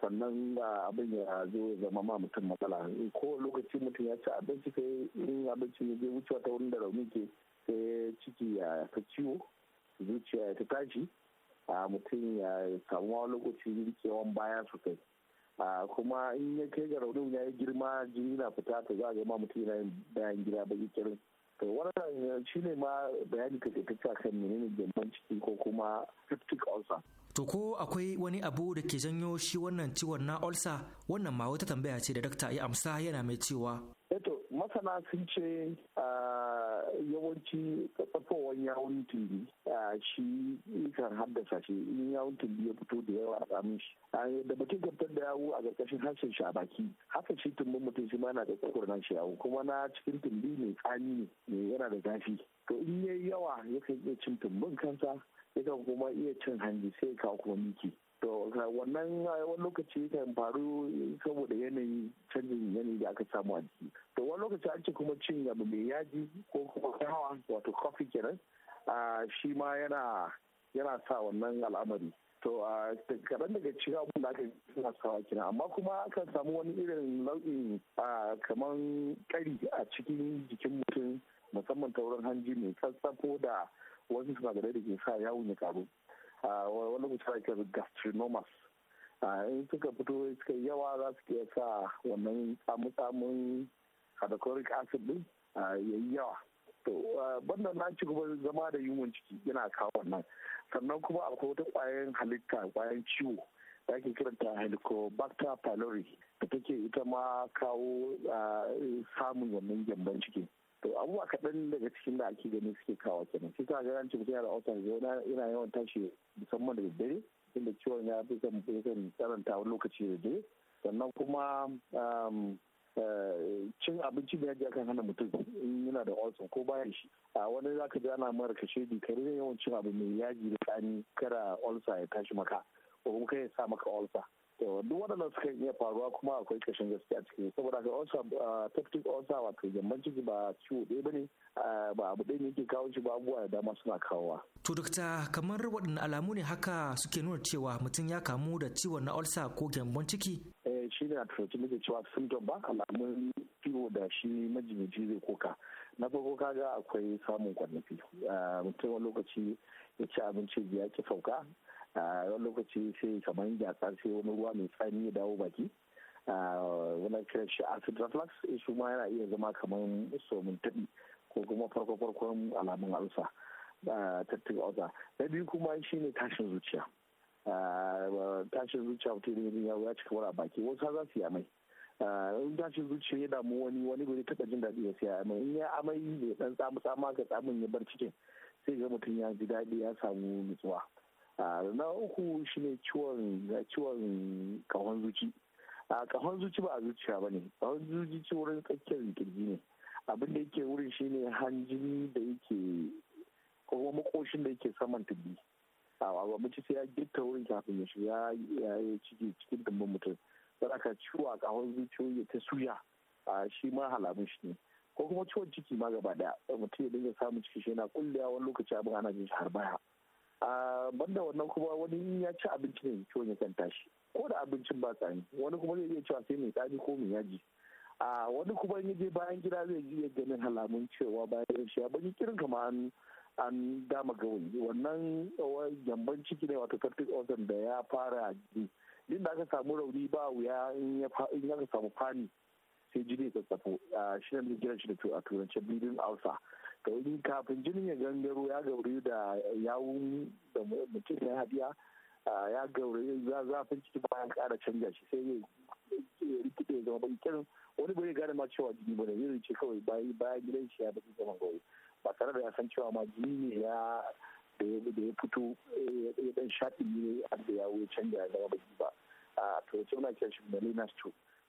sannan abin ya zo ya zama ma mutum matsala ko lokaci mutum ya ci abinci sai in abincin ya je wucewa ta wurin da rauni ke sai ciki ya ta ciwo zuciya ya ta tashi a mutum ya samu wani lokaci rikewan baya sosai kuma in ya kai ga raunin ya yi girma jini na fita ta za a ga ma mutum yana yin bayan gida baki kirin to wannan shi ne ma bayani ka ta kan menene gyamban ciki ko kuma cystic ulcer To ko akwai wani abu da ke janyo shi wannan ciwon na olsa wannan ma wata tambaya ce da dakta ya amsa yana mai cewa. Eto eh masana sun ce yawanci tsafowar yawon tumbi shi kan haddasa shi in yawon tumbi ya fito da yawa a tsamin shi. Da mutum gabtar da yawo a ƙarƙashin harshen shi a baki haka shi tumbin mutum shi ma yana da na shi yawo kuma na cikin tumbi mai tsani ne yana da zafi. To in yayi yawa yakan iya cin tumbin kansa yakan kuma iya cin hanji sai ka kuma miki to wannan wani lokaci kan faru saboda yanayin canjin yanayi da aka samu a jiki to wani lokaci an ce kuma cin abu mai yaji ko kuma kawa wato coffee kenan shi ma yana yana sa wannan al'amari to a kaɗan daga cikin abun da aka suna sawa kina amma kuma akan samu wani irin nau'in kamar kari a cikin jikin mutum musamman ta wurin hanji mai sassafo da wasu suna da ke sa yawon ya karu wani lokaci da kira gastrinomas in suka fito suka yawa za su iya sa wannan tsamu-tsamun acid din ya yi yawa to banda na ci gaba zama da yunwan ciki yana kawo wannan sannan kuma akwai wata kwayan halitta kwayan ciwo da ake kiranta helicobacter pylori da take ita ma kawo samun wannan gyambon ciki to abubuwa kaɗan daga cikin da ake ganin suke kawo kenan shi ta ga ranci mutum yana autar zauna yana yawan tashi musamman da daddare inda ciwon ya fi zan kan wani lokaci da dare sannan kuma um, eh, cin abinci da yaji akan hana mutum in yana da olson ko bayan shi a wani ka ji ana mara kashe di kare yawan cin abu mai yaji da tsani kara olsa ya tashi maka ko kuma ya sa maka olsa duk waɗanda suka iya faruwa kuma akwai kashin gaskiya a ciki saboda haka osa peptic ulcer wato gyambon ciki ba ciwo ɗaya bane ba abu ɗaya yake kawo shi ba abubuwa da dama suna kawowa. to dokta kamar waɗanne alamu ne haka suke nuna cewa mutum ya kamu da ciwon na ulcer ko gyambon ciki. eh shi ne a turanci muke cewa symptom ba alamun ciwo da shi majinyaci zai koka na farko kaga akwai samun kwanafi mutum wani lokaci ya ci abinci ya ki sauka a lokaci sai kamar ya sai wani ruwa mai tsani ya dawo baki wani kiran shi acid reflux eh, su ma yana iya zama kamar somin taɓi ko kuma farko farkon alamun alsa tattun alsa na biyu kuma shine tashin zuciya tashin zuciya mutum ya wuya cika a baki wasu za su yi amai in tashin zuciya ya damu wani wani bai taɓa jin daɗi ya siya amai in ya amai mai ɗan tsamu tsama ga tsamin ya bar cikin sai ga mutum ya ji daɗi ya samu nutsuwa na uku shine ciwon ciwon kahon zuci a kahon zuci ba a zuciya ba ne kahon zuci ci wurin tsakiyar kirji ne abin da yake wurin shi ne hanjin da yake kuma makoshin da yake saman tubi a sai ya gitta wurin kafin ya shiga ya yi ciki cikin dumbin mutum zara ka ciwo a kahon zuciyoyi ta suya a shi ma halamun shi ne ko kuma ciwon ciki ma gaba daya mutum ya dinga samun ciki shi yana kullewa wani lokaci abin ana jin shi har baya banda wannan kuma wani ya ci abinci ne kyau ya kan tashi ko da abincin ba tsani wani kuma zai iya cewa sai mai tsani ko mai yaji a wani kuma in je bayan gida zai iya ganin halamun cewa bayan shi abin kirin kama an an dama wani wannan gyamban ciki ne wato tartic ulcer da ya fara jini din da aka samu rauni ba wuya in ya samu fani sai jini ya tsatsafo shi ne gina shi da a turance bleeding ulcer to kafin jinin ya gangaro ya gauri da yawun da mutum ya hadiya ya gauri za zafin ciki bayan kara canja shi sai ya rikide zama baki kirin wani bai gane ma cewa jini bane zai ce kawai bayan gidan shi ya baki zaman gauri ba tare da ya san cewa ma jini ne ya da ya fito ya dan shaɗi ne da yawo ya canja ya zama baki ba a to ce muna kiran shi melina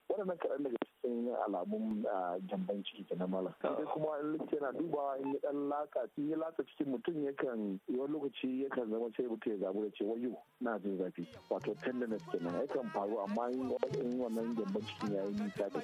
waɗannan kaɗan daga cikin alamun gyamban ciki na mala ah. sai kuma likita yana dubawa in ya ɗan laka in ya laka cikin mutum yakan wani lokaci yakan zama sai mutum ya zabu da ce wayo na jin zafi wato tenderness kenan yakan faru amma in wannan jambanci cikin ya yi nisa da.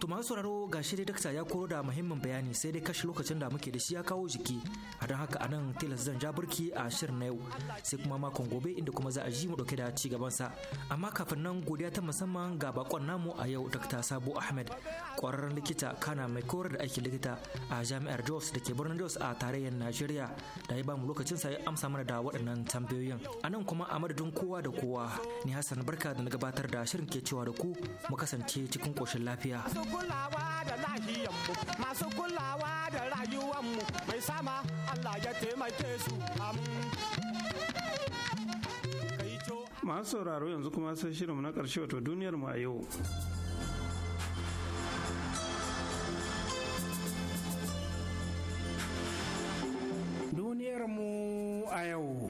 to sauraro ga shi dai dakta ya koro da muhimmin bayani sai dai kashe lokacin da muke da shi ya kawo jiki a don haka anan tilas zan ja burki a shirin na yau sai kuma makon gobe inda kuma za a ji mu dauke da ci sa amma kafin nan godiya ta musamman ga bakon namu mu a yau Dr. sabu Ahmed, ƙwararren likita kana mai korar da aikin likita a Jami'ar Jos da ke birnin Jos a tarayyar Najeriya da ya bamu lokacin sa amsa mana da waɗannan tambayoyin. A nan kuma a madadin kowa da kowa, ni Hassan Barka da na gabatar da shirin ke cewa da ku mu kasance cikin ƙoshin lafiya. Masu kulawa da lahiyanmu, masu kulawa da rayuwanmu, mai sama Allah ya taimake su. Amin. masu sauraro yanzu kuma sai shirinmu na ƙarshe wato duniyar mu a yau duniyar mu a yau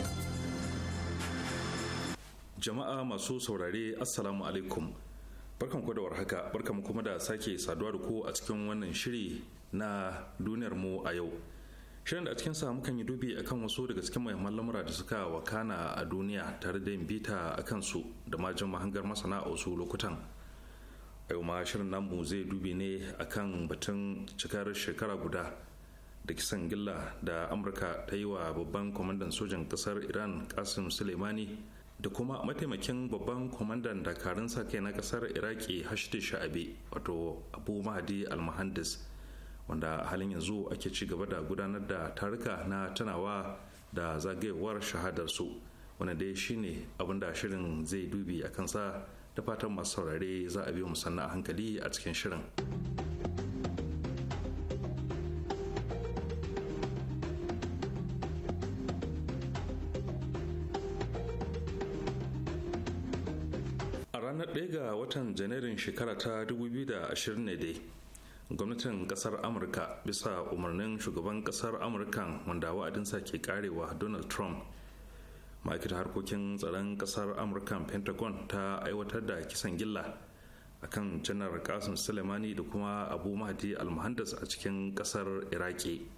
jama'a masu saurare assalamu alaikum barkan ku da warhaka barkan kuma da sake saduwa da ku a cikin wannan shiri na duniyar mu a yau shirin da a cikin samu kan yi dubi akan wasu daga cikin muhimman lamura da suka wakana a duniya tare da yin bita a kansu da majin mahangar masana a wasu lokutan a yau ma shirin namu zai dubi ne akan batun cikar shekara guda da kisan gilla da amurka ta yi wa babban kwamandan sojan kasar iran kasim suleimani da kuma mataimakin babban kwamandan dakarun sa kai na kasar iraki hashti sha'abi wato abu mahadi almuhandis wanda a halin yanzu ake ci gaba da gudanar da taruka na tunawa da zagayewar shahadarsu wanda dai shine abin da shirin zai dubi a kansa da fatan masu saurare za a biyo musanna a hankali a cikin shirin. a ranar ɗaya ga watan janairun shekara ta 2020 ne dai gwamnatin kasar amurka bisa umarnin shugaban kasar amurka wanda wa'adinsa ke karewa donald trump ma'aikatar harkokin tsaron kasar amurka pentagon ta aiwatar da kisan gilla a kan janar kasim sulemani da kuma abu mahdi almuhandas a cikin kasar iraki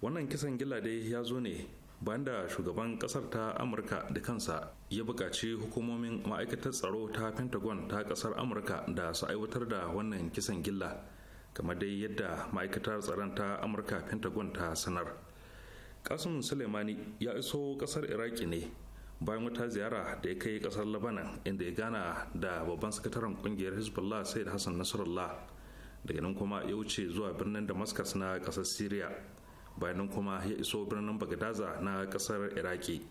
wannan kisan gilla dai ya zo ne bayan da shugaban kasar ta amurka da kansa ya buƙaci hukumomin ma'aikatar tsaro ta pentagon ta kasar amurka da su aiwatar da wannan kisan gilla kamar dai yadda ma'aikatar tsaron ta amurka pentagon ta sanar kasim suleimani ya iso kasar iraki ne bayan wata ziyara da ya kai kasar labanan inda ya gana da babban sakataren kungiyar hezbollah da hassan nasrallah daga nan kuma ya wuce zuwa birnin damascus na kasar syria bayan nan kuma ya iso birnin bagadaza na kasar iraki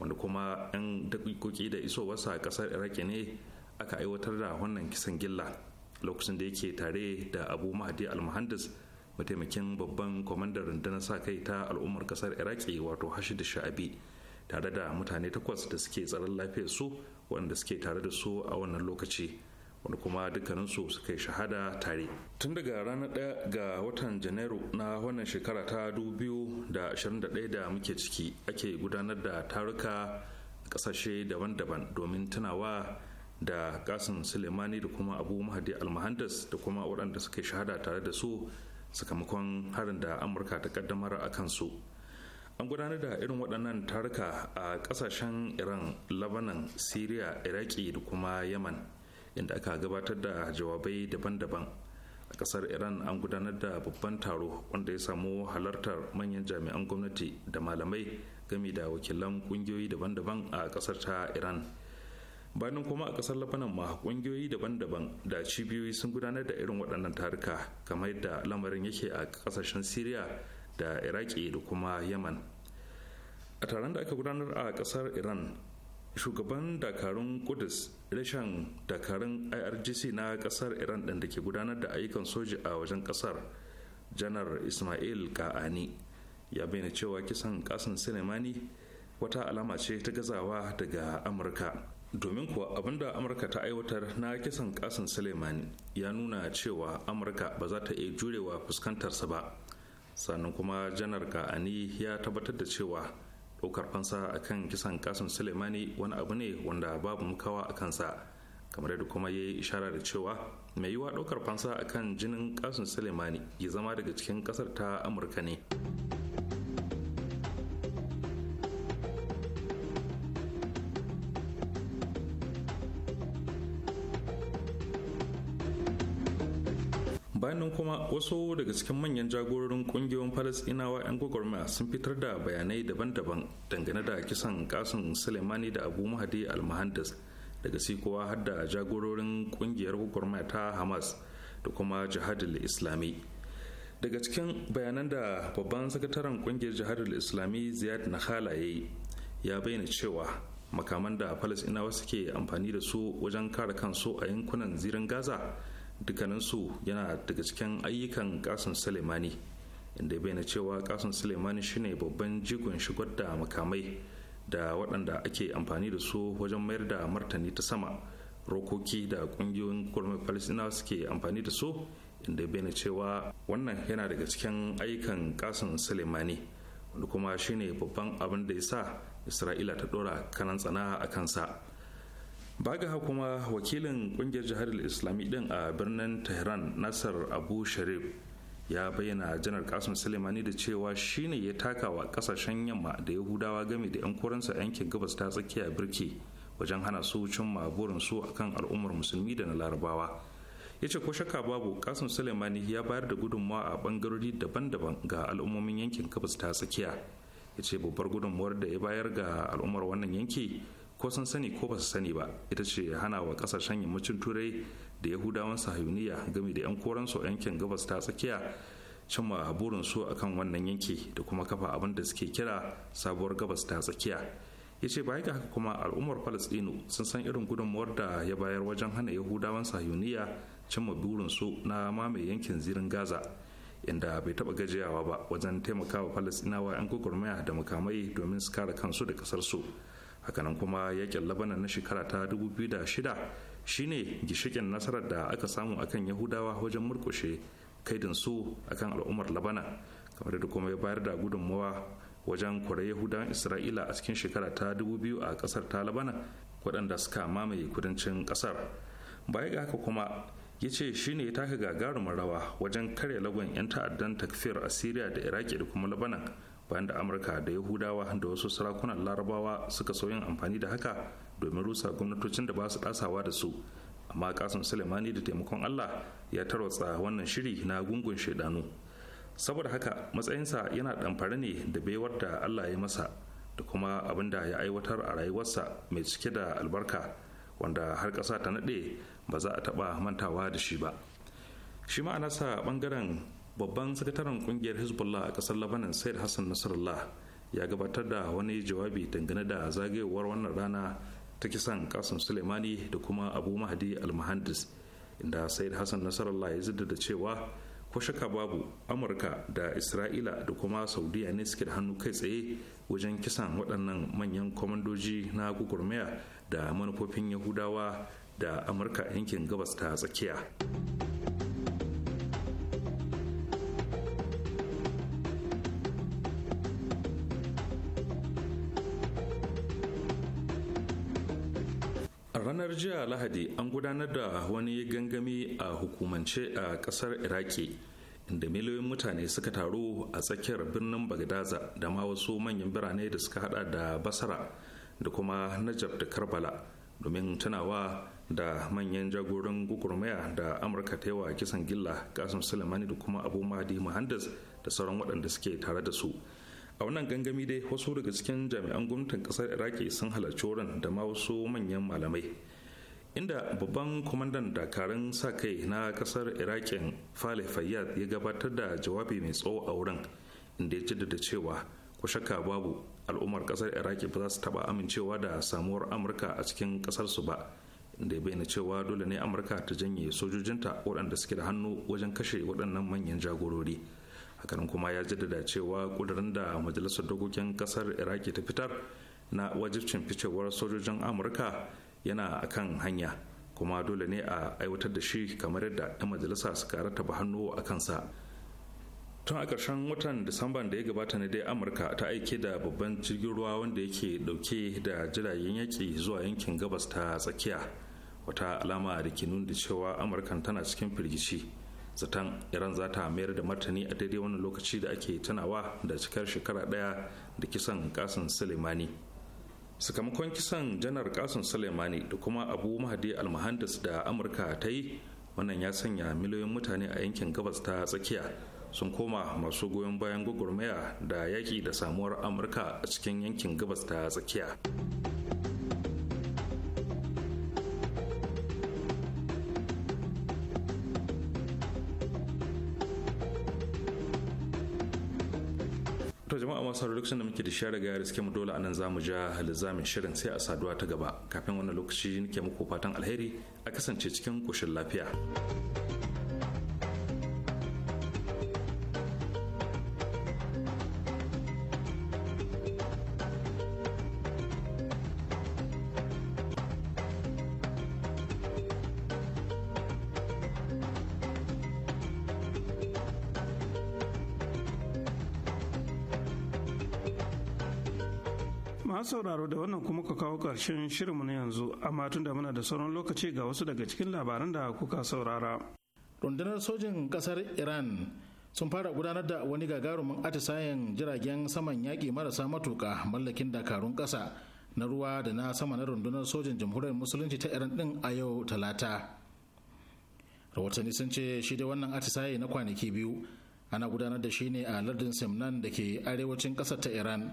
wanda kuma 'yan dakikoki da isowarsa kasar iraki ne aka aiwatar da wannan kisan gilla lokacin da yake tare da abu mahdi almuhandis mataimakin babban kwamandar rundunar sa kai ta al'ummar kasar iraki wato hashid sha'abi tare da mutane takwas da suke tsaron lafiyar su wanda suke tare da su a wannan lokaci wanda kuma dukkaninsu suka yi shahada tare tun daga ranar ɗaya ga watan janairu na wannan shekara ta da 2021 da muke ciki ake gudanar da taruka kasashe daban-daban domin tunawa da kasan sulemani da kuma abu mahadi almahandas da kuma waɗanda suke shahada tare da su sakamakon harin da amurka ta kaddamar a kansu an gudanar da irin waɗannan taruka a ƙasashen iran lebanon syria iraki da kuma yaman inda aka gabatar da jawabai daban-daban a ƙasar iran an gudanar da babban taro wanda ya samu halartar manyan jami'an gwamnati da malamai game da wakilan ƙungiyoyi daban-daban a ƙasar ta iran bayan kuma a kasar labanan ma kungiyoyi daban-daban da cibiyoyi sun gudanar da irin waɗannan taruka kamar yadda lamarin yake a kasashen syria da iraki da kuma yaman a taron da aka gudanar a kasar iran shugaban dakarun kudus rashin dakarun irgc na kasar iran ɗin da ke gudanar da ayyukan soji a wajen ƙasar janar ismail ka'ani ya bayyana cewa kisan kasan sinimani wata alama ce ta gazawa daga amurka domin kuwa abinda amurka ta aiwatar na kisan kasan suleimani ya nuna cewa amurka ba za ta iya jurewa fuskantarsa ba sannan kuma janar ga'ani ya tabbatar da cewa ɗaukar fansa a kan kisan kasan suleimani wani abu ne wanda babu mukawa a kansa kamar da kuma ya yi ishara da cewa mai yiwa ɗaukar fansa a kan jinin kasan suleimani ya zama daga cikin ƙasar ta amurka ne. nan kuma wasu daga cikin manyan jagororin kungiyoyin falasɗinawa 'yan gwagwarmaya sun fitar da bayanai daban-daban dangane da kisan kasan sulemani da abu mahadi almuhandis daga sikowa har da jagororin kungiyar gwagwarmaya ta hamas da kuma jihadul islami daga cikin bayanan da babban sakataren kungiyar jihadul islami ziyad nahala ya yi ya bayyana cewa makaman da falasɗinawa suke amfani da su wajen kare kansu a yankunan zirin gaza dukkaninsu yana daga cikin ayyukan kasan sulemani inda bayyana cewa kasan sulemani shine babban jigon shigar da makamai da waɗanda ake amfani da su wajen mayar da martani ta sama rokoki da ƙungiyoyin kurmai palestina suke amfani da su inda bayyana cewa wannan yana daga cikin ayyukan kasan sulemani wanda kuma shine babban abin da ya sa isra'ila ta ɗora kanan tsana a kansa bagaha kuma wakilin kungiyar jihar islami din a birnin tehran nasar abu sharif ya bayyana janar kasim suleimani da cewa shine ya taka wa kasashen yamma da yahudawa game da 'yan a yankin gabas ta tsakiya birki wajen hana su cimma burinsu su akan al'ummar musulmi da na larabawa ya ce ko shakka babu kasim suleimani ya bayar da gudunmawa a bangarori daban-daban ga al'ummomin yankin gabas ta tsakiya ya ce babbar gudunmawar da ya bayar ga al'ummar wannan yanki ko sun sani ko ba su sani ba ita ce hana wa kasashen yammacin turai da yahudawan sahayuniya game da yan koransu a yankin gabas ta tsakiya cimma burinsu a kan wannan yanki da kuma kafa abin da suke kira sabuwar gabas ta tsakiya ya ce baya ga haka kuma al'ummar palestino sun san irin gudunmuwar da ya bayar wajen hana yahudawan sahiyuniya cimma su na mamaye yankin zirin gaza inda bai taba gajiyawa ba wajen taimakawa palestinawa 'yan gwagwarmaya da makamai domin su kare kansu da kasarsu su hakanan kuma yakin labanan na shekara ta 2006 shine gishikin nasarar da aka samu akan yahudawa wajen murkushe kaidin su akan al'ummar labanan kamar da kuma ya bayar da gudunmawa wajen kure yahudawan isra'ila a cikin shekara ta 2000 a kasar ta labanan waɗanda suka mamaye kudancin kasar baya ga haka kuma ya ce shi ne ya taka gagarumin rawa wajen karya lagon 'yan ta'addan takfir asiriya da iraki da kuma labanan bayan da amurka da yahudawa da wasu sarakunan larabawa suka so yin amfani da haka domin rusa gwamnatocin da ba su dasawa da su amma kasan sulemani da taimakon allah ya tarwatsa wannan shiri na gungun shaidanu saboda haka matsayinsa yana ɗamfare ne da baiwar da allah ya masa da kuma abin da ya aiwatar a rayuwarsa mai cike da albarka wanda har ƙasa ta naɗe ba za a taɓa mantawa da shi ba shi ma'anarsa ɓangaren babban sakataren kungiyar hezbollah a kasar labanan said hassan nasarallah ya gabatar da wani jawabi dangane da zagayowar wannan rana ta kisan kasan suleimani da kuma abu mahdi almuhandis inda said hassan nasarallah ya zidda da cewa ko shaka babu amurka da isra'ila da kuma saudiya ne suke da hannu kai tsaye wajen kisan waɗannan manyan kwamandoji na gugurmaya da manufofin yahudawa da amurka yankin gabas ta tsakiya ranar jiya lahadi an gudanar da wani gangami a hukumance a kasar iraki inda miliyoyin mutane suka taru a tsakiyar birnin bagdaza da ma wasu manyan birane da suka hada da basara da kuma najab da karbala domin tunawa da manyan jagoran gugurmaya da amurka ta yawa kisan gilla kasim sulemani da kuma abu mahdi muhandis da sauran waɗanda suke tare da su a wannan gangami dai wasu daga cikin jami'an gwamnatin kasar iraki sun halarci wurin da ma wasu manyan malamai inda babban kwamandan dakarun sa kai na kasar irakin fale fayyad ya gabatar da jawabi mai tsawo a wurin inda ya jaddada cewa ku shakka babu al'ummar kasar iraqi ba za su taba amincewa da samuwar amurka a cikin kasar ba inda ya bayyana cewa dole ne amurka ta janye sojojinta waɗanda suke da hannu wajen kashe waɗannan manyan jagorori hakan kuma ya jaddada cewa ƙudurin da majalisar dokokin kasar iraki ta fitar na wajibcin ficewar sojojin amurka yana a kan hanya kuma dole ne a aiwatar da shi kamar yadda 'yan majalisa suka ba hannu a kansa tun a ƙarshen watan disamban da ya gabata ne dai amurka ta aike da babban jirgin ruwa wanda yake dauke da jiragen yaƙi zuwa yankin gabas ta tsakiya wata alama da ke nuna cewa amurkan tana cikin firgici zaton iran za ta mayar da martani a daidai wannan lokaci da ake tunawa da cikar shekara ɗaya da kisan kasan sulemani sakamakon kisan janar kasun suleimani da kuma abu mahadi almuhandis da amurka ta yi wannan ya sanya miliyoyin mutane a yankin gabas ta tsakiya sun koma masu goyon bayan gwagwarmaya da yaƙi da samuwar amurka a cikin yankin gabas ta tsakiya masu lokacin da muke da share ga riske mu dole anan zamu ja lizamin shirin sai a saduwa ta gaba kafin wannan lokaci nake muku fatan alheri a kasance cikin koshin lafiya. sauraro da wannan kuma ka kawo ƙarshen shirinmu na yanzu amma tun da muna da sauran lokaci ga wasu daga cikin labaran da kuka saurara. Rundunar sojin ƙasar Iran sun fara gudanar da wani gagarumin atisayen jiragen saman yaƙi marasa matuƙa mallakin dakarun ƙasa na ruwa da na sama na rundunar sojin jamhuriyar musulunci ta Iran ɗin a yau talata. Rahotanni sun ce shi da wannan atisaye na kwanaki biyu ana gudanar da shi ne a lardin simnan da ke arewacin ƙasar ta Iran.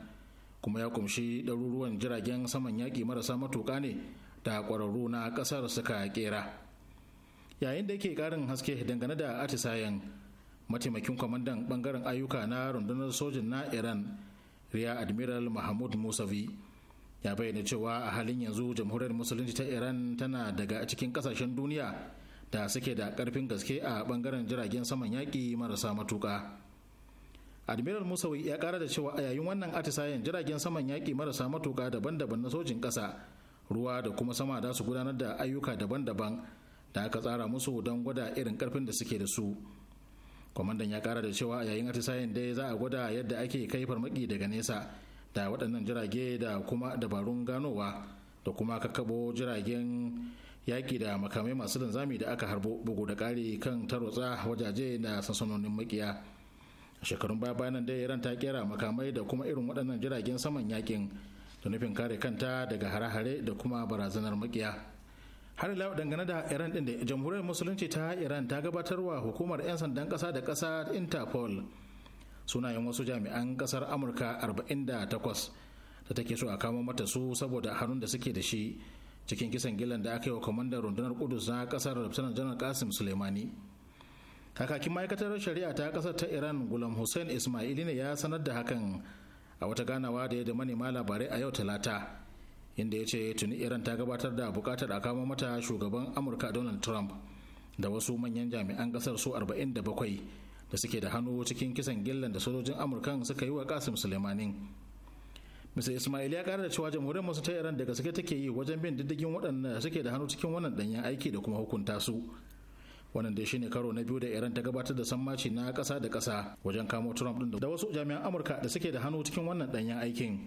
kuma ya kumshi ɗaruruwan jiragen saman yaƙi marasa matuƙa ne da ƙwararru na ƙasar suka ƙera yayin da yake ƙarin haske dangane da atisayen mataimakin kwamandan ɓangaren ayyuka na rundunar sojin na iran riya admiral mahmud musavi ya bayyana cewa a halin yanzu jamhuriyar musulunci ta iran tana daga cikin ƙasashen duniya da suke da ƙarfin gaske a ɓangaren jiragen saman yaƙi marasa matuƙa admiral musawi ya kara da cewa a yayin wannan atisayen jiragen saman yaƙi marasa matuƙa daban-daban na sojin ƙasa ruwa da kuma sama da su gudanar da ayyuka daban-daban da aka tsara musu don gwada irin ƙarfin da suke da su kwamandan ya kara da cewa a yayin atisayen dai za a gwada yadda ake kai farmaki daga nesa da waɗannan jirage da kuma dabarun ganowa da kuma kakkabo jiragen yaƙi da makamai masu linzami da aka harbo bugu da ƙari kan tarotsa wajaje da sansanonin makiya shekarun baya bayanan da iran ta kera makamai da kuma irin waɗannan jiragen saman yakin da nufin kare kanta daga hare-hare da kuma barazanar makiya har ila dangane da iran din da jamhuriyar musulunci ta iran ta gabatarwa hukumar 'yan sandan ƙasa da ƙasa interpol sunayen wasu jami'an ƙasar amurka 48 da take so a kamo mata su saboda hannun da suke da shi cikin kisan gilan da aka yi wa kwamandan rundunar kudus na kasar lieutenant janar kasim suleimani kakakin ma'aikatar shari'a ta kasar ta iran gulam hussein ismaili ne ya sanar da hakan a wata ganawa da ya da manema labarai a yau talata inda ya ce tuni iran ta gabatar da bukatar a kama mata shugaban amurka donald trump da wasu manyan jami'an kasar su 47 da suke da hannu cikin kisan gillan da sojojin amurkan suka yi wa kasim sulemanin mr ismail ya kara da cewa jamhuriyar masu ta iran daga suke take yi wajen bin diddigin waɗanda suke da hannu cikin wannan ɗanyen aiki da kuma hukunta su wannan dai shine karo na biyu da iran ta gabatar da sammaci na kasa da kasa wajen kamo trump din da wasu jami'an amurka da suke da hannu cikin wannan danyen aikin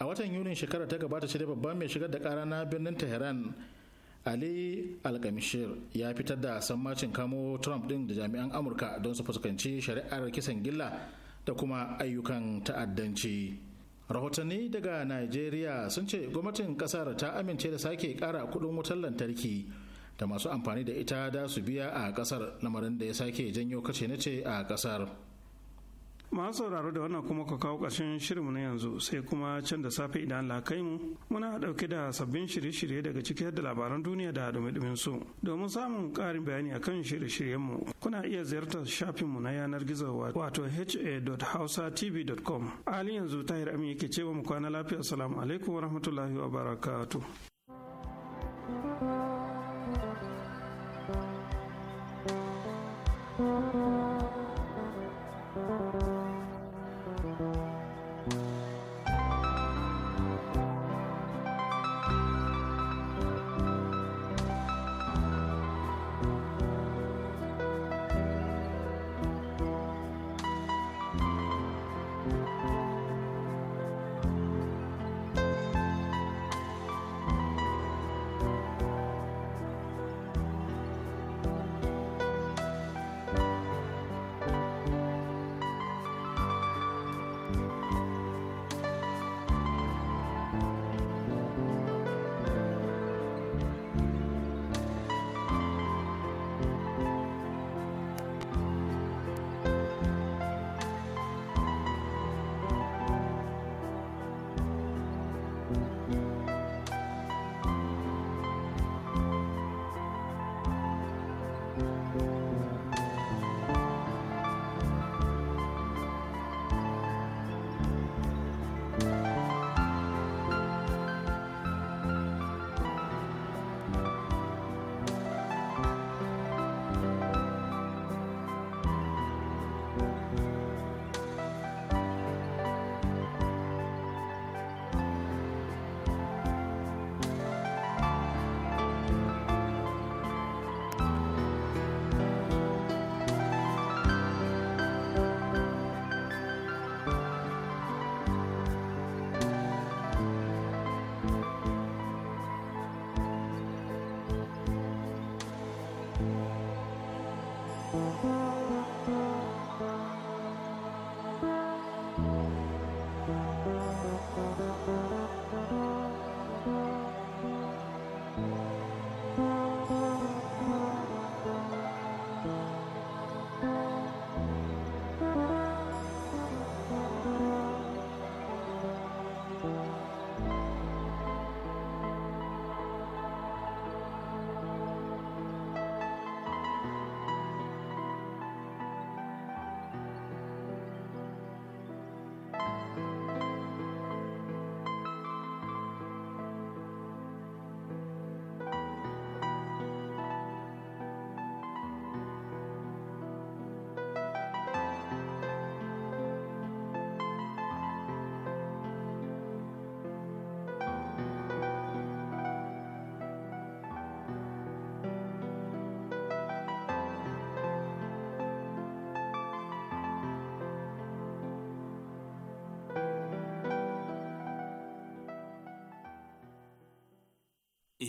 a watan yunin shekarar ta gabata shi da babban mai shigar da ƙara na birnin tehran ali alkamishir ya fitar da sammacin kamo trump din da jami'an amurka don su fuskanci shari'ar kisan gilla da kuma ayyukan ta'addanci rahotanni daga najeriya sun ce gwamnatin kasar ta amince da sake kara kuɗin wutar lantarki da masu amfani da ita da su biya a kasar lamarin da ya sake janyo kace na ce a kasar masu sauraro da wannan kuma ka kawo ƙarshen shirinmu na yanzu sai kuma can da safe idan lakai mu muna ɗauke da sabbin shirye-shirye daga ciki da labaran duniya da dumi su domin samun ƙarin bayani akan shirye shiryen mu kuna iya ziyartar shafinmu na yanar gizo wato ha.hausa.tv.com halin yanzu tahir amin yake cewa mu kwana lafiya salamu alaikum wa rahmatullahi wa barakatuh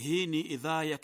Hii ni idhaa ya